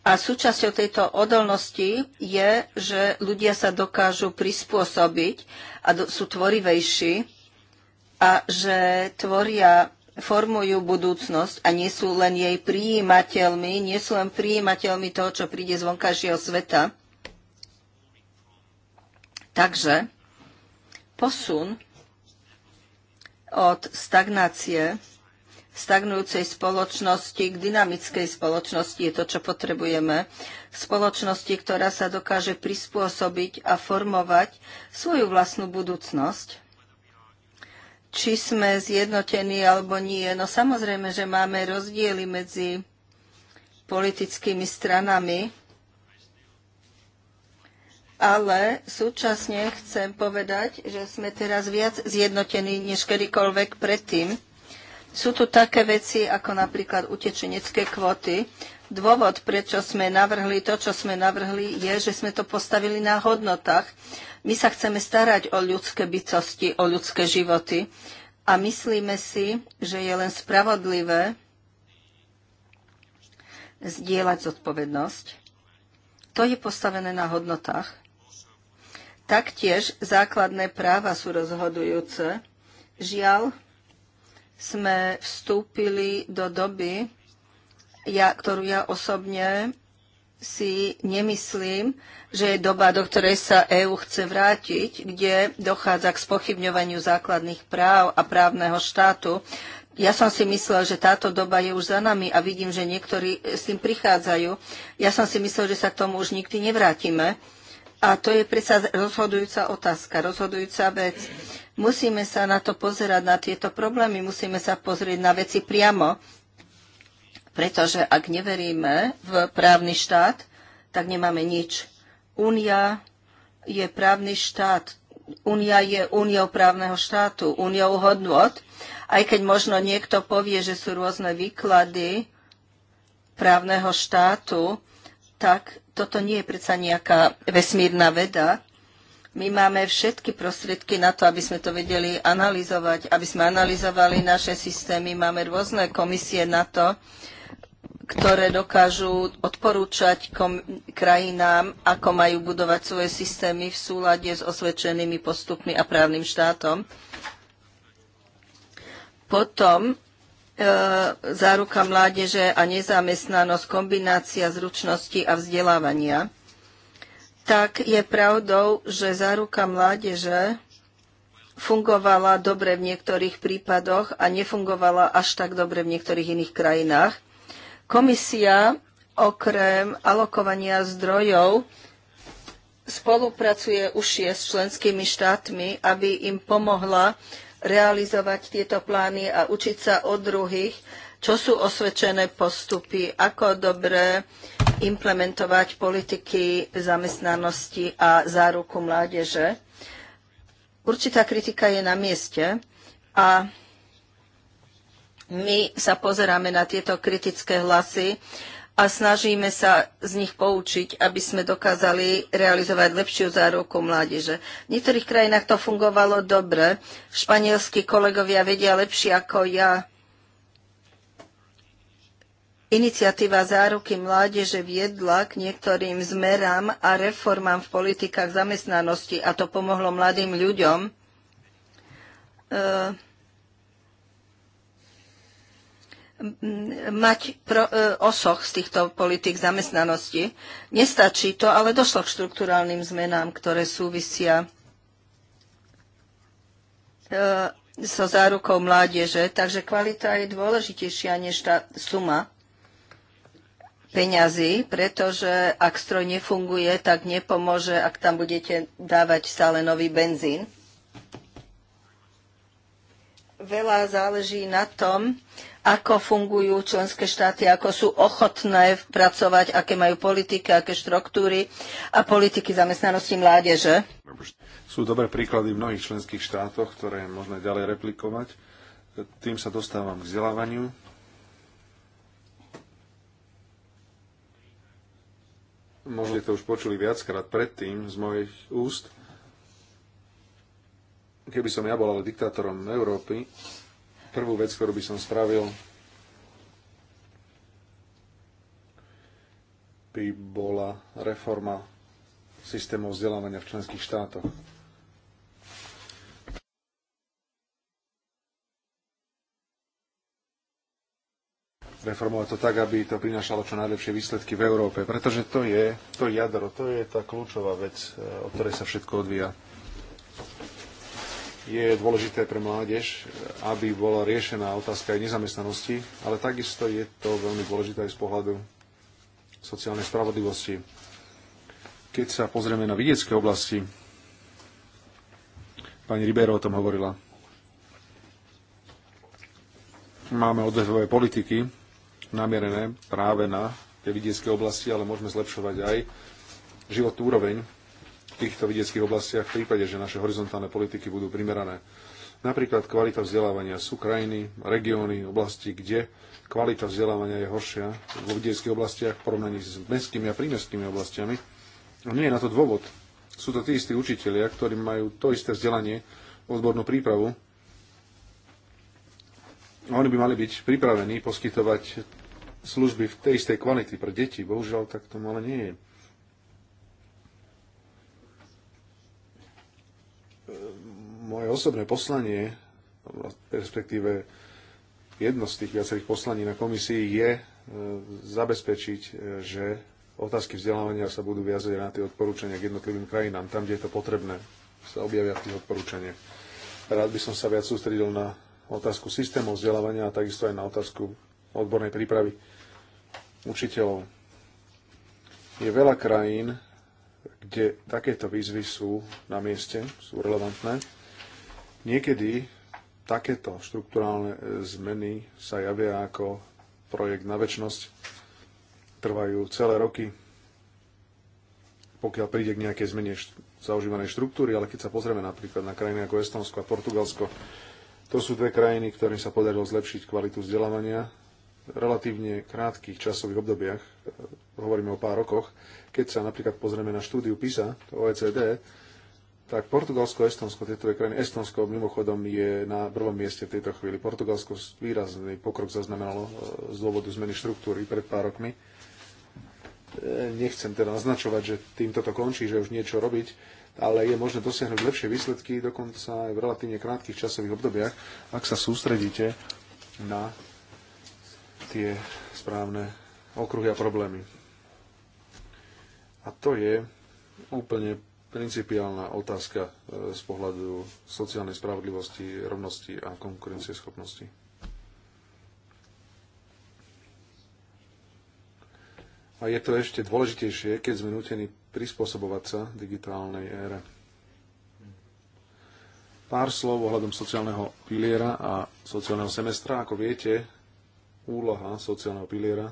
Speaker 2: a súčasťou tejto odolnosti je, že ľudia sa dokážu prispôsobiť a sú tvorivejší a že tvoria, formujú budúcnosť a nie sú len jej príjimateľmi, nie sú len príjimateľmi toho, čo príde z vonkajšieho sveta. Takže posun od stagnácie, stagnujúcej spoločnosti k dynamickej spoločnosti je to, čo potrebujeme. Spoločnosti, ktorá sa dokáže prispôsobiť a formovať svoju vlastnú budúcnosť. Či sme zjednotení alebo nie. No samozrejme, že máme rozdiely medzi politickými stranami, ale súčasne chcem povedať, že sme teraz viac zjednotení než kedykoľvek predtým. Sú tu také veci ako napríklad utečenecké kvóty. Dôvod, prečo sme navrhli to, čo sme navrhli, je, že sme to postavili na hodnotách. My sa chceme starať o ľudské bytosti, o ľudské životy a myslíme si, že je len spravodlivé zdieľať zodpovednosť. To je postavené na hodnotách. Taktiež základné práva sú rozhodujúce. Žiaľ, sme vstúpili do doby, ja, ktorú ja osobne si nemyslím, že je doba, do ktorej sa EÚ chce vrátiť, kde dochádza k spochybňovaniu základných práv a právneho štátu. Ja som si myslela, že táto doba je už za nami a vidím, že niektorí s tým prichádzajú. Ja som si myslela, že sa k tomu už nikdy nevrátime. A to je predsa rozhodujúca otázka, rozhodujúca vec. Musíme sa na to pozerať, na tieto problémy, musíme sa pozrieť na veci priamo. Pretože ak neveríme v právny štát, tak nemáme nič. Únia je právny štát. Únia je úniou právneho štátu, úniou hodnot. Aj keď možno niekto povie, že sú rôzne výklady právneho štátu, tak toto nie je predsa nejaká vesmírna veda. My máme všetky prostriedky na to, aby sme to vedeli analyzovať, aby sme analyzovali naše systémy. Máme rôzne komisie na to, ktoré dokážu odporúčať krajinám, ako majú budovať svoje systémy v súlade s osvedčenými postupmi a právnym štátom. Potom E, záruka mládeže a nezamestnanosť, kombinácia zručnosti a vzdelávania, tak je pravdou, že záruka mládeže fungovala dobre v niektorých prípadoch a nefungovala až tak dobre v niektorých iných krajinách. Komisia okrem alokovania zdrojov spolupracuje užšie s členskými štátmi, aby im pomohla realizovať tieto plány a učiť sa od druhých, čo sú osvedčené postupy, ako dobre implementovať politiky zamestnanosti a záruku mládeže. Určitá kritika je na mieste a my sa pozeráme na tieto kritické hlasy a snažíme sa z nich poučiť, aby sme dokázali realizovať lepšiu záruku mládeže. V niektorých krajinách to fungovalo dobre. Španielskí kolegovia vedia lepšie ako ja. Iniciatíva záruky mládeže viedla k niektorým zmerám a reformám v politikách zamestnanosti a to pomohlo mladým ľuďom. Uh, mať pro, e, osoch z týchto politik zamestnanosti. Nestačí to, ale došlo k štruktúrálnym zmenám, ktoré súvisia e, so zárukou mládeže, takže kvalita je dôležitejšia než tá suma peňazí, pretože ak stroj nefunguje, tak nepomôže, ak tam budete dávať stále nový benzín. Veľa záleží na tom, ako fungujú členské štáty, ako sú ochotné pracovať, aké majú politiky, aké štruktúry a politiky zamestnanosti mládeže.
Speaker 1: Sú dobré príklady v mnohých členských štátoch, ktoré je možné ďalej replikovať. Tým sa dostávam k vzdelávaniu, možno ste to už počuli viackrát predtým z mojich úst, keby som ja bol ale diktátorom Európy, Prvú vec, ktorú by som spravil, by bola reforma systémov vzdelávania v členských štátoch. Reformovať to tak, aby to prinášalo čo najlepšie výsledky v Európe, pretože to je to jadro, to je tá kľúčová vec, eh, od ktorej sa všetko odvíja je dôležité pre mládež, aby bola riešená otázka aj nezamestnanosti, ale takisto je to veľmi dôležité aj z pohľadu sociálnej spravodlivosti. Keď sa pozrieme na vidiecké oblasti, pani Ribero o tom hovorila, máme odvetové politiky namierené práve na tie vidiecké oblasti, ale môžeme zlepšovať aj životnú úroveň týchto vidieckých oblastiach v prípade, že naše horizontálne politiky budú primerané. Napríklad kvalita vzdelávania sú krajiny, regióny, oblasti, kde kvalita vzdelávania je horšia vo vidieckých oblastiach v porovnaní s mestskými a prímestskými oblastiami. A nie je na to dôvod. Sú to tí istí učitelia, ktorí majú to isté vzdelanie, odbornú prípravu. A oni by mali byť pripravení poskytovať služby v tej istej kvality pre deti. Bohužiaľ, tak tomu ale nie je. moje osobné poslanie, respektíve jedno z tých viacerých poslaní na komisii je e, zabezpečiť, e, že otázky vzdelávania sa budú viazať na tie odporúčania k jednotlivým krajinám, tam, kde je to potrebné, sa objavia v tých odporúčaniach. Rád by som sa viac sústredil na otázku systémov vzdelávania a takisto aj na otázku odbornej prípravy učiteľov. Je veľa krajín, kde takéto výzvy sú na mieste, sú relevantné Niekedy takéto štruktúrálne e, zmeny sa javia ako projekt na väčnosť, trvajú celé roky, pokiaľ príde k nejakej zmene zaužívanej štruktúry, ale keď sa pozrieme napríklad na krajiny ako Estonsko a Portugalsko, to sú dve krajiny, ktorým sa podarilo zlepšiť kvalitu vzdelávania v relatívne krátkých časových obdobiach, e, hovoríme o pár rokoch. Keď sa napríklad pozrieme na štúdiu PISA, OECD, tak Portugalsko, Estonsko, tieto dve krajiny. Estonsko mimochodom je na prvom mieste v tejto chvíli. Portugalsko výrazný pokrok zaznamenalo e, z dôvodu zmeny štruktúry pred pár rokmi. E, nechcem teda naznačovať, že týmto to končí, že už niečo robiť, ale je možné dosiahnuť lepšie výsledky dokonca aj v relatívne krátkých časových obdobiach, ak sa sústredíte na tie správne okruhy a problémy. A to je úplne principiálna otázka e, z pohľadu sociálnej spravodlivosti, rovnosti a konkurencieschopnosti. A je to ešte dôležitejšie, keď sme nutení prispôsobovať sa digitálnej ére. Pár slov ohľadom sociálneho piliera a sociálneho semestra. Ako viete, úloha sociálneho piliera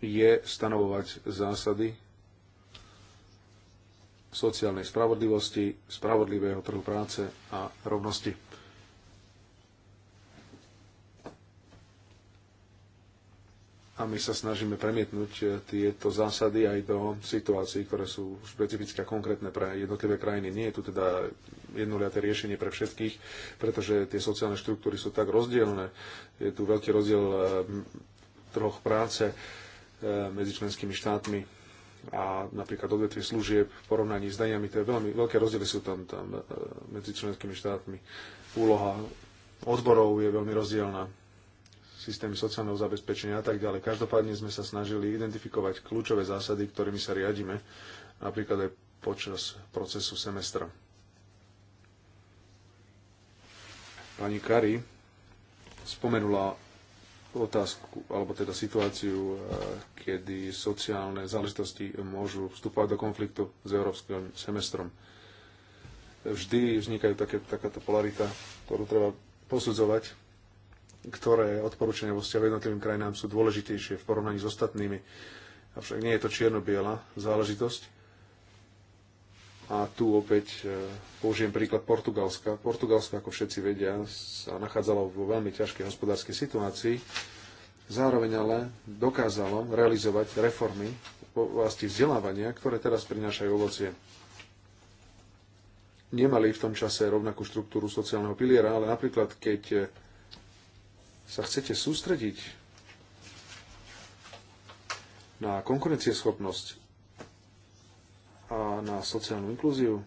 Speaker 1: je stanovovať zásady sociálnej spravodlivosti, spravodlivého trhu práce a rovnosti. A my sa snažíme premietnúť e, tieto zásady aj do situácií, ktoré sú špecifické a konkrétne pre jednotlivé krajiny. Nie je tu teda jednoliaté riešenie pre všetkých, pretože tie sociálne štruktúry sú tak rozdielne. Je tu veľký rozdiel e, troch práce, E, medzi členskými štátmi a napríklad odvetvie služieb v porovnaní s daniami, to je veľmi, veľké rozdiely sú tam, tam e, medzi členskými štátmi. Úloha odborov je veľmi rozdielna, systémy sociálneho zabezpečenia a tak ďalej. Každopádne sme sa snažili identifikovať kľúčové zásady, ktorými sa riadíme, napríklad aj počas procesu semestra. Pani Kari spomenula otázku, alebo teda situáciu, e, kedy sociálne záležitosti môžu vstúpať do konfliktu s európskym semestrom. Vždy vznikajú také, takáto polarita, ktorú treba posudzovať, ktoré odporúčania vo vzťahu jednotlivým krajinám sú dôležitejšie v porovnaní s ostatnými. Avšak nie je to čierno-biela záležitosť a tu opäť e, použijem príklad Portugalska. Portugalska, ako všetci vedia, sa nachádzalo vo veľmi ťažkej hospodárskej situácii. Zároveň ale dokázalo realizovať reformy v oblasti vzdelávania, ktoré teraz prinášajú ovocie. Nemali v tom čase rovnakú štruktúru sociálneho piliera, ale napríklad keď e, sa chcete sústrediť na konkurencieschopnosť a na sociálnu inklúziu,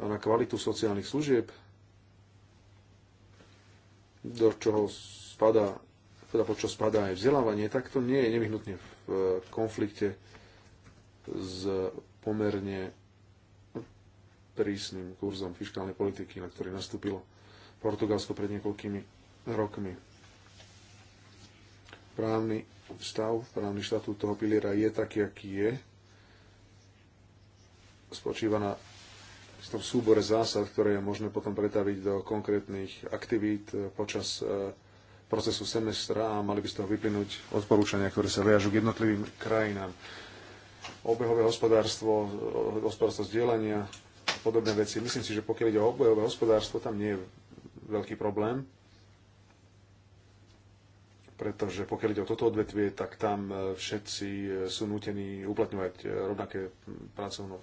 Speaker 1: a na kvalitu sociálnych služieb, do čoho spadá, teda po čo spadá aj vzdelávanie, tak to nie je nevyhnutne v konflikte s pomerne prísnym kurzom fiskálnej politiky, na ktorý nastúpilo Portugalsko pred niekoľkými rokmi. Právny stav, právny štatút toho piliera je taký, aký je spočíva na tom súbore zásad, ktoré je možné potom pretaviť do konkrétnych aktivít e, počas e, procesu semestra a mali by z toho vyplynúť odporúčania, ktoré sa viažú k jednotlivým krajinám. Obehové hospodárstvo, e, hospodárstvo zdieľania, podobné veci. Myslím si, že pokiaľ ide o obehové hospodárstvo, tam nie je veľký problém pretože pokiaľ ide o toto odvetvie, tak tam e, všetci e, sú nutení uplatňovať e, rovnaké pracovno,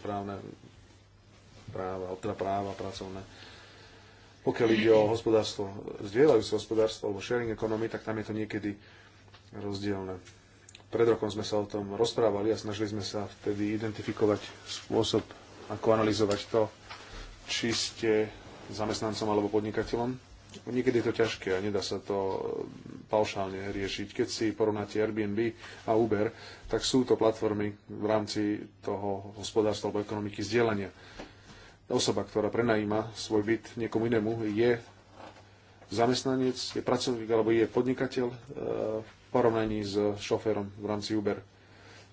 Speaker 1: právne práva, teda práva pracovné. Pokiaľ ide o hospodárstvo, zdieľajúce hospodárstvo alebo sharing economy, tak tam je to niekedy rozdielne. Pred rokom sme sa o tom rozprávali a snažili sme sa vtedy identifikovať spôsob, ako analyzovať to, či ste zamestnancom alebo podnikateľom niekedy je to ťažké a nedá sa to e, paušálne riešiť. Keď si porovnáte Airbnb a Uber, tak sú to platformy v rámci toho hospodárstva alebo ekonomiky zdieľania. Osoba, ktorá prenajíma svoj byt niekomu inému, je zamestnanec, je pracovník alebo je podnikateľ e, v porovnaní s šoférom v rámci Uber.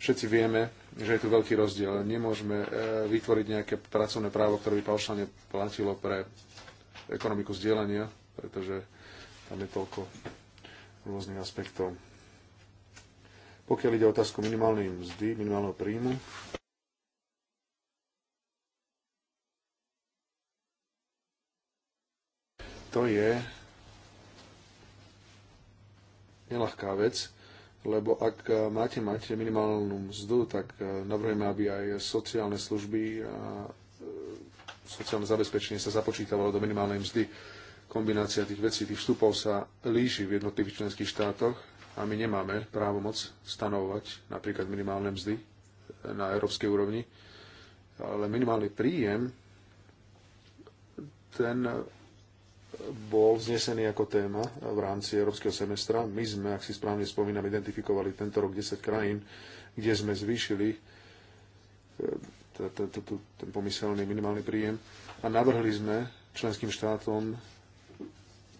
Speaker 1: Všetci vieme, že je tu veľký rozdiel. Nemôžeme e, vytvoriť nejaké pracovné právo, ktoré by paušálne platilo pre ekonomiku zdieľania pretože tam je toľko rôznych aspektov. Pokiaľ ide o otázku minimálnej mzdy, minimálneho príjmu, to je nelahká vec, lebo ak máte mať minimálnu mzdu, tak eh, navrhujeme, aby aj sociálne služby a eh, sociálne zabezpečenie sa započítavalo do minimálnej mzdy kombinácia tých vecí, tých vstupov sa líši v jednotlivých členských štátoch a my nemáme právomoc stanovovať napríklad minimálne mzdy eh, na európskej úrovni, ale minimálny príjem ten bol vznesený ako téma v rámci európskeho semestra. My sme, ak si správne spomínam, identifikovali tento rok 10 krajín, kde sme zvýšili eh, ten pomyselný minimálny príjem a navrhli sme členským štátom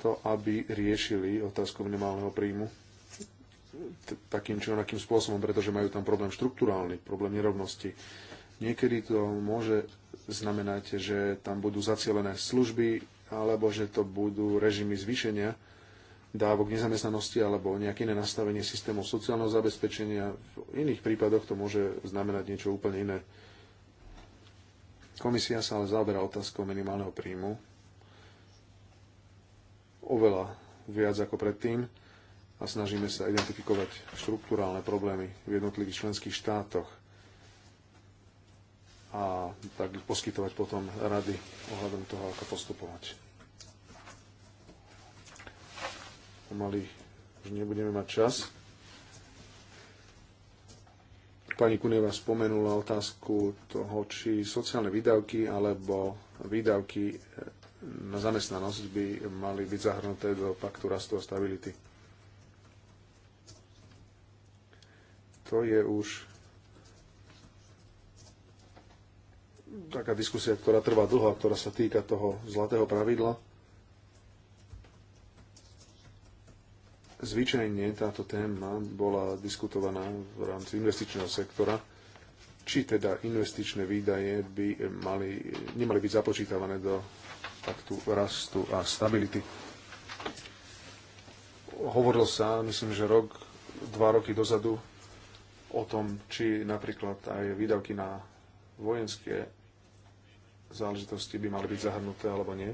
Speaker 1: to, aby riešili otázku minimálneho príjmu takým či onakým spôsobom, pretože majú tam problém štruktúrálny, problém nerovnosti. Niekedy to môže znamenať, že tam budú zacielené služby, alebo že to budú režimy zvýšenia dávok nezamestnanosti alebo nejaké iné nastavenie systémov sociálneho zabezpečenia. V iných prípadoch to môže znamenať niečo úplne iné. Komisia sa ale zaoberá otázkou minimálneho príjmu oveľa viac ako predtým a snažíme sa identifikovať štruktúrálne problémy v jednotlivých členských štátoch a tak poskytovať potom rady ohľadom toho, ako postupovať. Pomaly už nebudeme mať čas. Pani Kuneva spomenula otázku toho, či sociálne výdavky alebo výdavky na zamestnanosť by mali byť zahrnuté do paktu rastu a stability. To je už taká diskusia, ktorá trvá dlho a ktorá sa týka toho zlatého pravidla. Zvyčajne táto téma bola diskutovaná v rámci investičného sektora, či teda investičné výdaje by mali, nemali byť započítavané do paktu rastu a stability. Hovoril sa, myslím, že rok, dva roky dozadu o tom, či napríklad aj výdavky na vojenské záležitosti by mali byť zahrnuté alebo nie.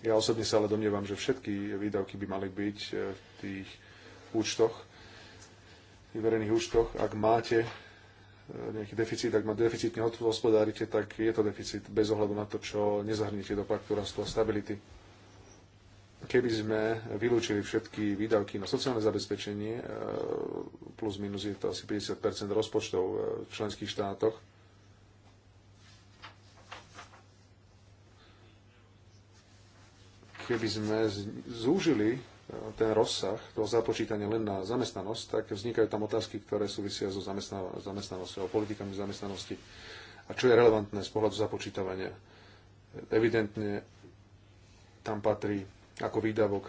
Speaker 1: Ja osobne sa ale domnievam, že všetky výdavky by mali byť v tých účtoch, v verejných účtoch. Ak máte E, nejaký deficit, ak má deficitne hospodárite, tak je to deficit bez ohľadu na to, čo nezahrnete do paktu rastu a stability. Keby sme vylúčili všetky výdavky na sociálne zabezpečenie, e, plus minus je to asi 50 rozpočtov e, v členských štátoch, keby sme zúžili E, ten rozsah toho započítania len na zamestnanosť, tak vznikajú tam otázky, ktoré súvisia so zamestnanosťou, politikami zamestnanosti a čo je relevantné z pohľadu započítavania. Evidentne tam patrí ako výdavok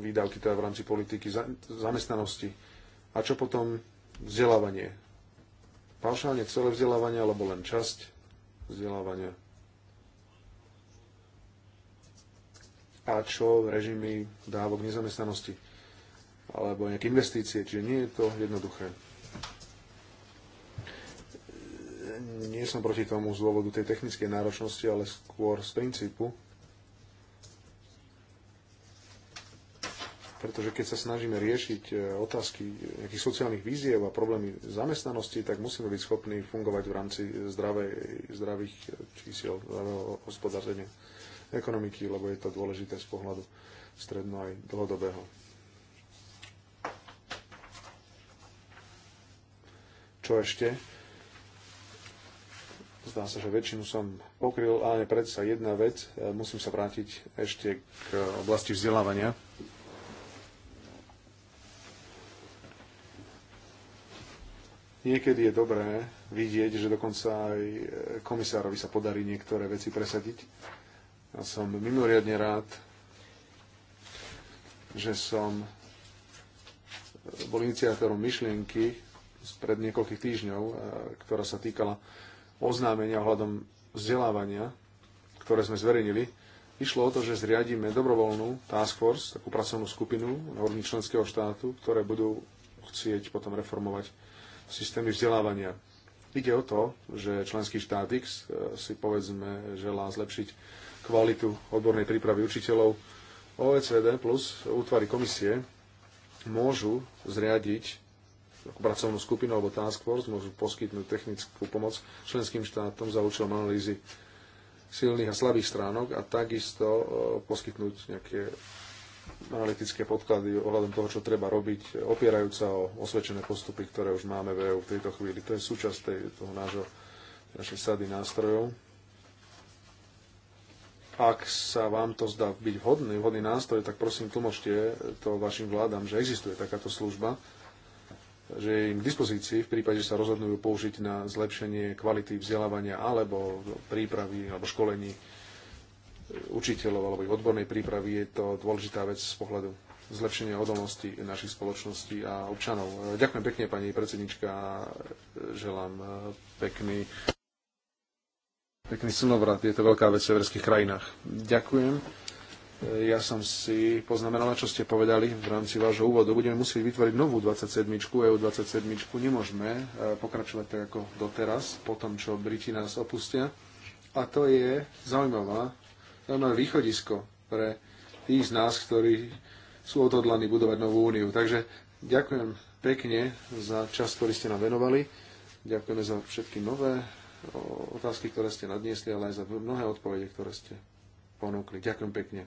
Speaker 1: výdavky teda v rámci politiky zamestnanosti. A čo potom vzdelávanie? Paušálne celé vzdelávanie alebo len časť vzdelávania? a čo režimy dávok nezamestnanosti alebo nejaké investície, čiže nie je to jednoduché. Nie som proti tomu z dôvodu tej technickej náročnosti, ale skôr z princípu, pretože keď sa snažíme riešiť e, otázky nejakých sociálnych víziev a problémy zamestnanosti, tak musíme byť schopní fungovať v rámci zdravej, zdravých e, čísiel, zdravého hospodárenia ekonomiky, lebo je to dôležité z pohľadu stredno aj dlhodobého. Čo ešte? Zdá sa, že väčšinu som pokryl, ale predsa jedna vec. E, musím sa vrátiť ešte k oblasti vzdelávania. niekedy je dobré vidieť, že dokonca aj e, komisárovi sa podarí niektoré veci presadiť. Ja som mimoriadne rád, že som e, bol iniciátorom myšlienky spred niekoľkých týždňov, e, ktorá sa týkala oznámenia ohľadom vzdelávania, ktoré sme zverejnili. Išlo o to, že zriadíme dobrovoľnú task force, takú pracovnú skupinu na úrovni členského štátu, ktoré budú chcieť potom reformovať systémy vzdelávania. Ide o to, že členský štát X e, si povedzme želá zlepšiť kvalitu odbornej prípravy učiteľov. OECD plus útvary komisie môžu zriadiť pracovnú skupinu alebo task force, môžu poskytnúť technickú pomoc členským štátom za účelom analýzy silných a slabých stránok a takisto e, poskytnúť nejaké analytické podklady ohľadom toho, čo treba robiť, opierajúca o osvedčené postupy, ktoré už máme v EU v tejto chvíli. To je súčasť tej, toho nášho, našej sady nástrojov. Ak sa vám to zdá byť vhodný, vhodný nástroj, tak prosím tlmočte to vašim vládam, že existuje takáto služba, že je im k dispozícii v prípade, že sa rozhodnú použiť na zlepšenie kvality vzdelávania alebo prípravy alebo školení učiteľov alebo ich odbornej prípravy. Je to dôležitá vec z pohľadu zlepšenia odolnosti našich spoločností a občanov. Ďakujem pekne, pani predsednička, želám pekný pekný slnovrat. Je to veľká vec v severských krajinách. Ďakujem. E, ja som si poznamenala, čo ste povedali v rámci vášho úvodu. Budeme musieť vytvoriť novú 27. EU27. Nemôžeme e, pokračovať tak ako doteraz, po tom, čo Briti nás opustia. A to je zaujímavá, zaujímavé východisko pre tých z nás, ktorí sú odhodlaní budovať novú úniu. Takže ďakujem pekne za čas, ktorý ste nám venovali. Ďakujeme za všetky nové otázky, ktoré ste nadniesli, ale aj za mnohé odpovede, ktoré ste ponúkli. Ďakujem pekne.